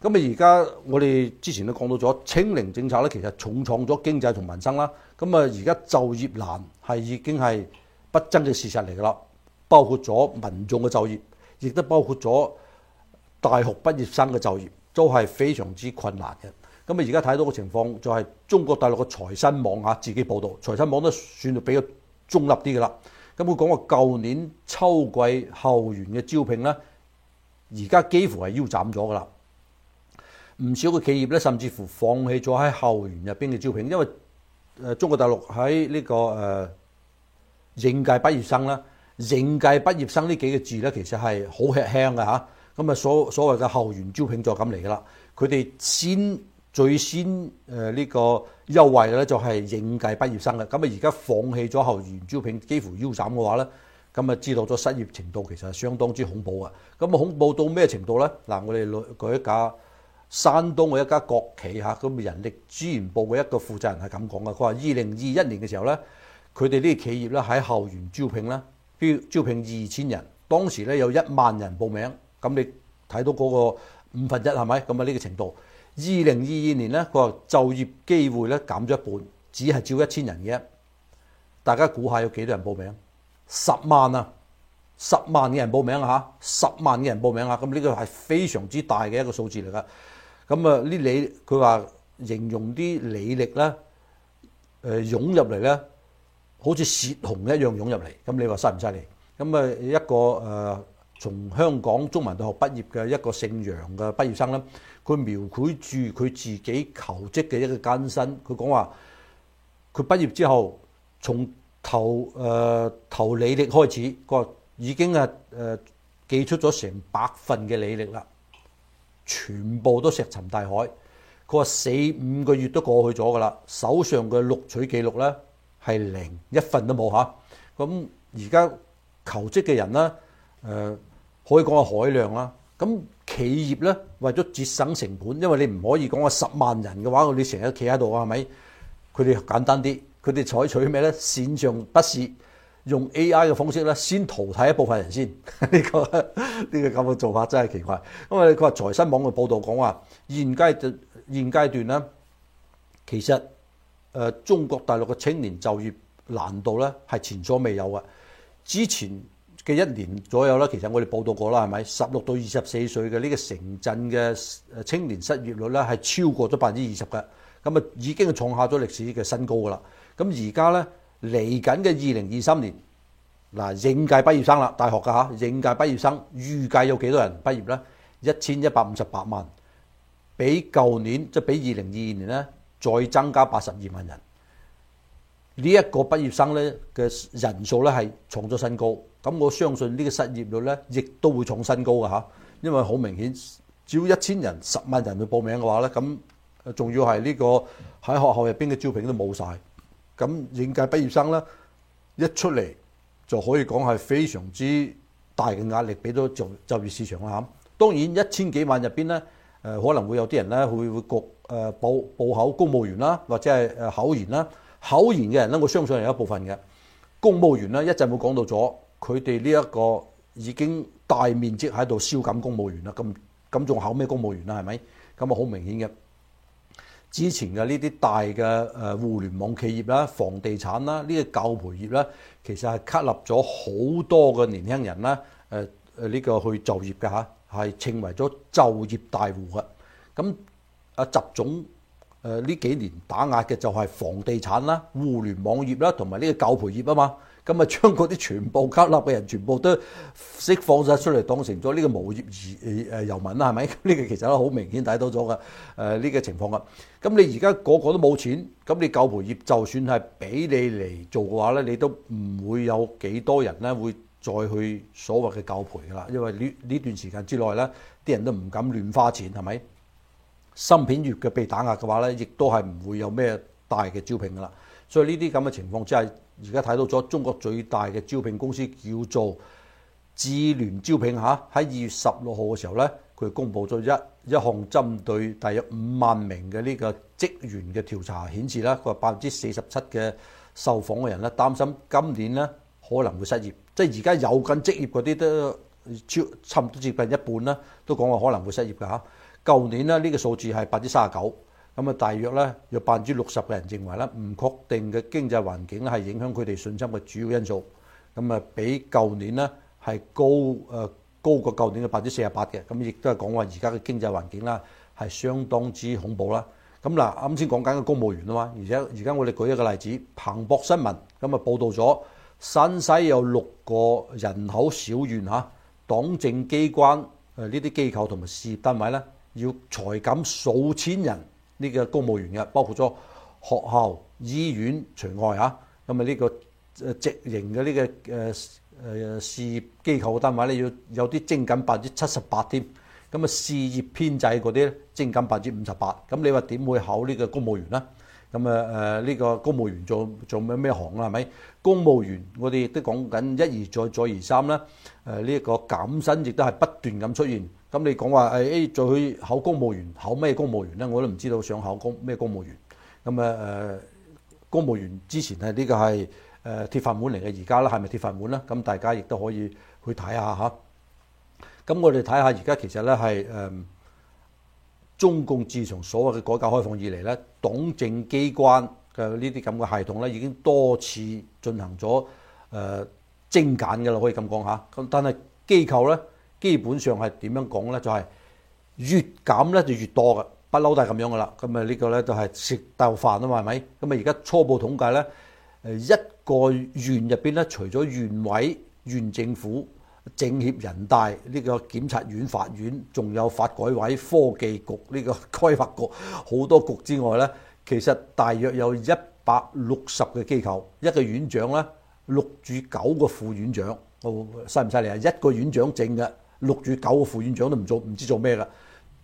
咁啊，而家我哋之前都講到咗清零政策咧，其實重創咗經濟同民生啦。咁啊，而家就業難係已經係不爭嘅事實嚟噶啦。包括咗民眾嘅就業，亦都包括咗大學畢業生嘅就業，都係非常之困難嘅。咁啊，而家睇到嘅情況就係中國大陸嘅財新網啊，自己報道，財新網都算係比較中立啲噶啦。咁會講話舊年秋季校園嘅招聘咧，而家幾乎係腰斬咗噶啦，唔少嘅企業咧，甚至乎放棄咗喺校園入邊嘅招聘，因為誒中國大陸喺呢、這個誒、呃、應屆畢業生啦，應屆畢業生呢幾個字咧，其實係好吃香嘅嚇，咁啊所所謂嘅校園招聘就咁嚟噶啦，佢哋先最先誒呢、呃這個。優惠嘅咧就係應屆畢業生嘅，咁啊而家放棄咗校園招聘，幾乎腰斬嘅話咧，咁啊知道咗失業程度其實係相當之恐怖呀。咁啊恐怖到咩程度咧？嗱，我哋舉一架山東嘅一家國企嚇，咁人力資源部嘅一個負責人係咁講嘅，佢話二零二一年嘅時候咧，佢哋呢啲企業咧喺校園招聘咧，要招聘二千人，當時咧有一萬人報名，咁你睇到嗰個五分一係咪？咁啊呢個程度。二零二二年咧，佢話就業機會咧減咗一半，只係招一千人嘅。大家估下有幾多人報名？十萬啊！十萬嘅人報名啊！十萬嘅人報名啊！咁呢個係非常之大嘅一個數字嚟㗎。咁啊，呢你佢話形容啲履歷咧，誒、呃、湧入嚟咧，好似泄洪一樣湧入嚟。咁你話犀唔犀利？咁啊，一個誒從、呃、香港中文大學畢業嘅一個姓楊嘅畢業生啦。佢描繪住佢自己求職嘅一個艱辛。佢講話，佢畢業之後，從投誒投履歷開始，佢話已經係誒、呃、寄出咗成百份嘅履歷啦，全部都石沉大海。佢話四五個月都過去咗噶啦，手上嘅錄取記錄咧係零一份都冇嚇。咁而家求職嘅人咧誒、呃、可以講係海量啦。咁企業咧，為咗節省成本，因為你唔可以講話十萬人嘅話，你成日企喺度啊，係咪？佢哋簡單啲，佢哋採取咩咧？線上筆試，用 AI 嘅方式咧，先淘汰一部分人先。呢、 呢個呢、呢個咁嘅做法真係奇怪。因為佢話財新網嘅報導講話，現階現階段咧，其實誒、呃、中國大陸嘅青年就業難度咧係前所未有嘅。之前嘅一年左右啦，其實我哋報道過啦，係咪？十六到二十四歲嘅呢個城鎮嘅誒青年失業率咧，係超過咗百分之二十嘅，咁啊已經係創下咗歷史嘅新高㗎啦。咁而家咧嚟緊嘅二零二三年，嗱應屆畢業生啦，大學㗎嚇，應屆畢業生預計有幾多人畢業咧？一千一百五十八萬，比舊年即係、就是、比二零二二年咧，再增加八十二萬人。呢、這、一個畢業生咧嘅人數咧係創咗新高。咁我相信呢個失業率呢，亦都會創新高嘅嚇。因為好明顯，只要一千人、十萬人去報名嘅話呢咁仲要係呢、呢個喺學校入邊嘅招聘都冇晒。咁應屆畢業生呢，一出嚟就可以講係非常之大嘅壓力俾到就就業市場啦。嚇，當然一千幾萬入邊呢，可能會有啲人呢會會局、呃、報報考公務員啦，或者係誒考研啦，考研嘅人呢，我相信有一部分嘅公務員呢，一陣會講到咗。佢哋呢一個已經大面積喺度消減公務員啦，咁咁仲考咩公務員啦？係咪？咁啊，好明顯嘅。之前嘅呢啲大嘅誒互聯網企業啦、房地產啦、呢個教培業啦，其實係吸納咗好多嘅年輕人啦，誒誒呢個去就業嘅嚇，係稱為咗就業大戶嘅。咁阿習總誒呢幾年打壓嘅就係房地產啦、互聯網業啦同埋呢個教培業啊嘛。咁啊，將嗰啲全部卡納嘅人，全部都釋放晒出嚟，當成咗呢個無業移誒遊民啦，係咪？呢、呢個其實都好明顯睇到咗嘅，呢、呃呢個情況啊。咁你而家個個都冇錢，咁你教培業就算係俾你嚟做嘅話咧，你都唔會有幾多人咧會再去所謂嘅教培噶啦，因為呢呢段時間之內咧，啲人都唔敢亂花錢，係咪？芯片業嘅被打壓嘅話咧，亦都係唔會有咩大嘅招聘噶啦。所以呢啲咁嘅情況之下，而家睇到咗中國最大嘅招聘公司叫做智聯招聘嚇。喺二月十六號嘅時候呢，佢公佈咗一一項針對大約五萬名嘅呢個職員嘅調查顯示呢，佢話百分之四十七嘅受訪嘅人咧擔心今年咧可能會失業。即係而家有緊職業嗰啲都超差唔多接近一半啦，都講話可能會失業㗎嚇。舊年呢，呢個數字係百分之三十九。咁啊，大約咧，約百分之六十嘅人認為咧，唔確定嘅經濟環境咧係影響佢哋信心嘅主要因素。咁啊，比舊年呢係高誒高過舊年嘅百分之四十八嘅。咁亦都係講話而家嘅經濟環境啦，係相當之恐怖啦。咁嗱，啱先講緊個公務員啊嘛，而且而家我哋舉一個例子，彭博新聞咁啊，報導咗山西有六個人口小縣嚇，黨政機關誒呢啲機構同埋事業單位咧，要裁減數千人。呢、這個公務員嘅，包括咗學校、醫院除外嚇、啊，咁啊、這個營這個呃、呢個誒職營嘅呢個誒誒事業機構嘅單位咧，要有啲精減百分之七十八添，咁啊，事業編制嗰啲咧精減百分之五十八，咁你話點會考呢個公務員咧？咁啊誒呢個公務員做做咩咩行啊係咪？公務員我哋亦都講緊一而再再而三啦。誒呢一個減薪亦都係不斷咁出現。咁、嗯、你講話誒再去考公務員考咩公務員咧？我都唔知道想考公咩公務員。咁啊誒公務員之前係、這個呃、呢個係誒鐵飯碗嚟嘅，而家啦係咪鐵飯碗咧？咁大家亦都可以去睇下嚇。咁、嗯、我哋睇下而家其實咧係誒。中共自從所謂嘅改革開放以嚟咧，黨政機關嘅呢啲咁嘅系統咧，已經多次進行咗誒精簡嘅啦，可以咁講嚇。咁但係機構咧，基本上係點樣講咧？就係、是、越減咧就越多嘅，不嬲都係咁樣嘅啦。咁啊呢個咧就係食豆飯啊嘛，係咪？咁啊而家初步統計咧，誒一個縣入邊咧，除咗縣委、縣政府。政協、人大呢、呢個檢察院、法院，仲有發改委、科技局呢、呢個開發局，好多局之外呢，其實大約有一百六十個機構，一個院長呢，六住九個副院長，犀唔犀利啊？一個院長整嘅，六住九個副院長都唔做咩，唔知做咩嘅，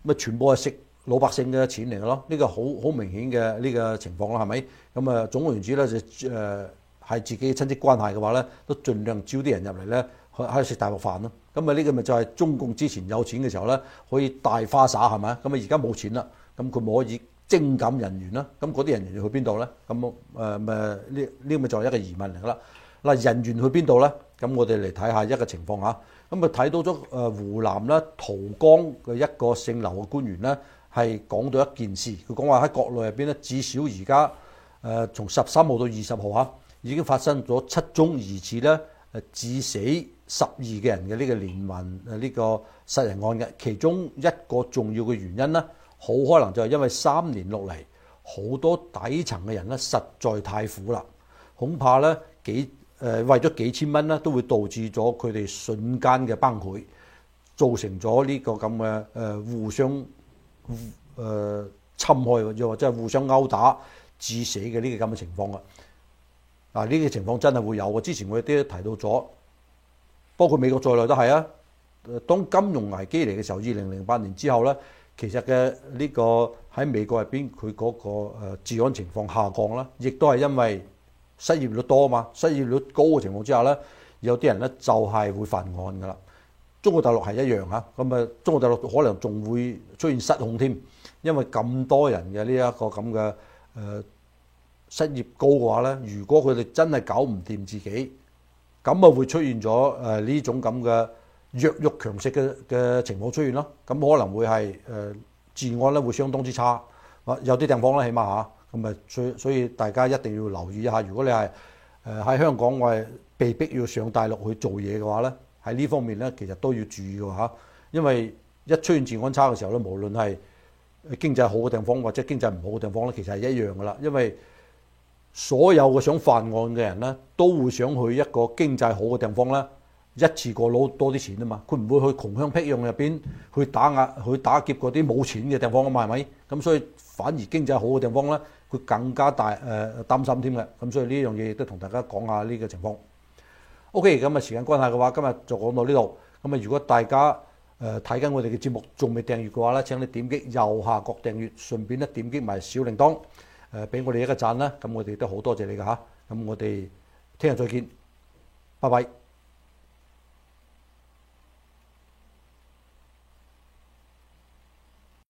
咁全部係食老百姓嘅錢嚟嘅咯，呢、呢個好好明顯嘅呢個情況啦，係咪？咁啊，總而言之呢，就誒係自己親戚關係嘅話呢，都盡量招啲人入嚟呢。喺度食大鑊飯咯，咁啊呢個咪就係中共之前有錢嘅時候咧，可以大花灑係咪啊？咁啊而家冇錢啦，咁佢冇可以精簡人員啦，咁嗰啲人員要去邊度咧？咁誒咪呢呢咪就係一個疑問嚟噶啦。嗱人員去邊度咧？咁我哋嚟睇下一個情況嚇。咁啊睇到咗誒湖南咧，桃江嘅一個姓劉嘅官員咧，係講到一件事，佢講話喺國內入邊咧，至少而家誒從十三號到二十號嚇，已經發生咗七宗疑似咧誒致死。十二個人嘅呢個連環呢個殺人案嘅其中一個重要嘅原因呢，好可能就係因為三年落嚟好多底層嘅人呢，實在太苦啦，恐怕呢，幾、呃、誒為咗幾千蚊呢，都會導致咗佢哋瞬間嘅崩潰，造成咗呢個咁嘅誒互相誒、呃、侵害又或者話互相毆打致死嘅呢啲咁嘅情況啊！啊呢啲情況真係會有嘅，之前我哋都提到咗。包括美國在內都係啊！當金融危機嚟嘅時候，二零零八年之後呢，其實嘅呢個喺美國入邊，佢嗰個治安情況下降啦，亦都係因為失業率多啊嘛，失業率高嘅情況之下呢，有啲人呢就係會犯案噶啦。中國大陸係一樣嚇，咁啊，中國大陸可能仲會出現失控添，因為咁多人嘅呢一個咁嘅誒失業高嘅話呢，如果佢哋真係搞唔掂自己。咁啊，會出現咗呢、呃、種咁嘅弱肉強食嘅嘅情況出現咯。咁、嗯、可能會係誒、呃、治安咧會相當之差，有啲地方咧，起碼嚇咁啊。所以所以大家一定要留意一下。如果你係喺、呃、香港，我係被逼要上大陸去做嘢嘅話咧，喺呢方面咧，其實都要注意嘅嚇、啊。因為一出現治安差嘅時候咧，無論係經濟好嘅地方或者經濟唔好嘅地方咧，其實係一樣嘅啦。因為所有嘅想犯案嘅人呢，都會想去一個經濟好嘅地方呢，一次過攞多啲錢啊嘛！佢唔會去窮鄉僻壤入邊去打壓、去打劫嗰啲冇錢嘅地方啊嘛，係咪？咁所以反而經濟好嘅地方呢，佢更加大誒擔心添嘅。咁所以呢樣嘢都同大家講下呢個情況。OK，咁啊時間關係嘅話，今日就講到呢度。咁啊，如果大家誒睇緊我哋嘅節目仲未訂閱嘅話呢，請你點擊右下角訂閱，順便咧點擊埋小鈴鐺。誒俾我哋一個讚啦，咁我哋都好多謝你㗎吓，咁我哋聽日再見，拜拜。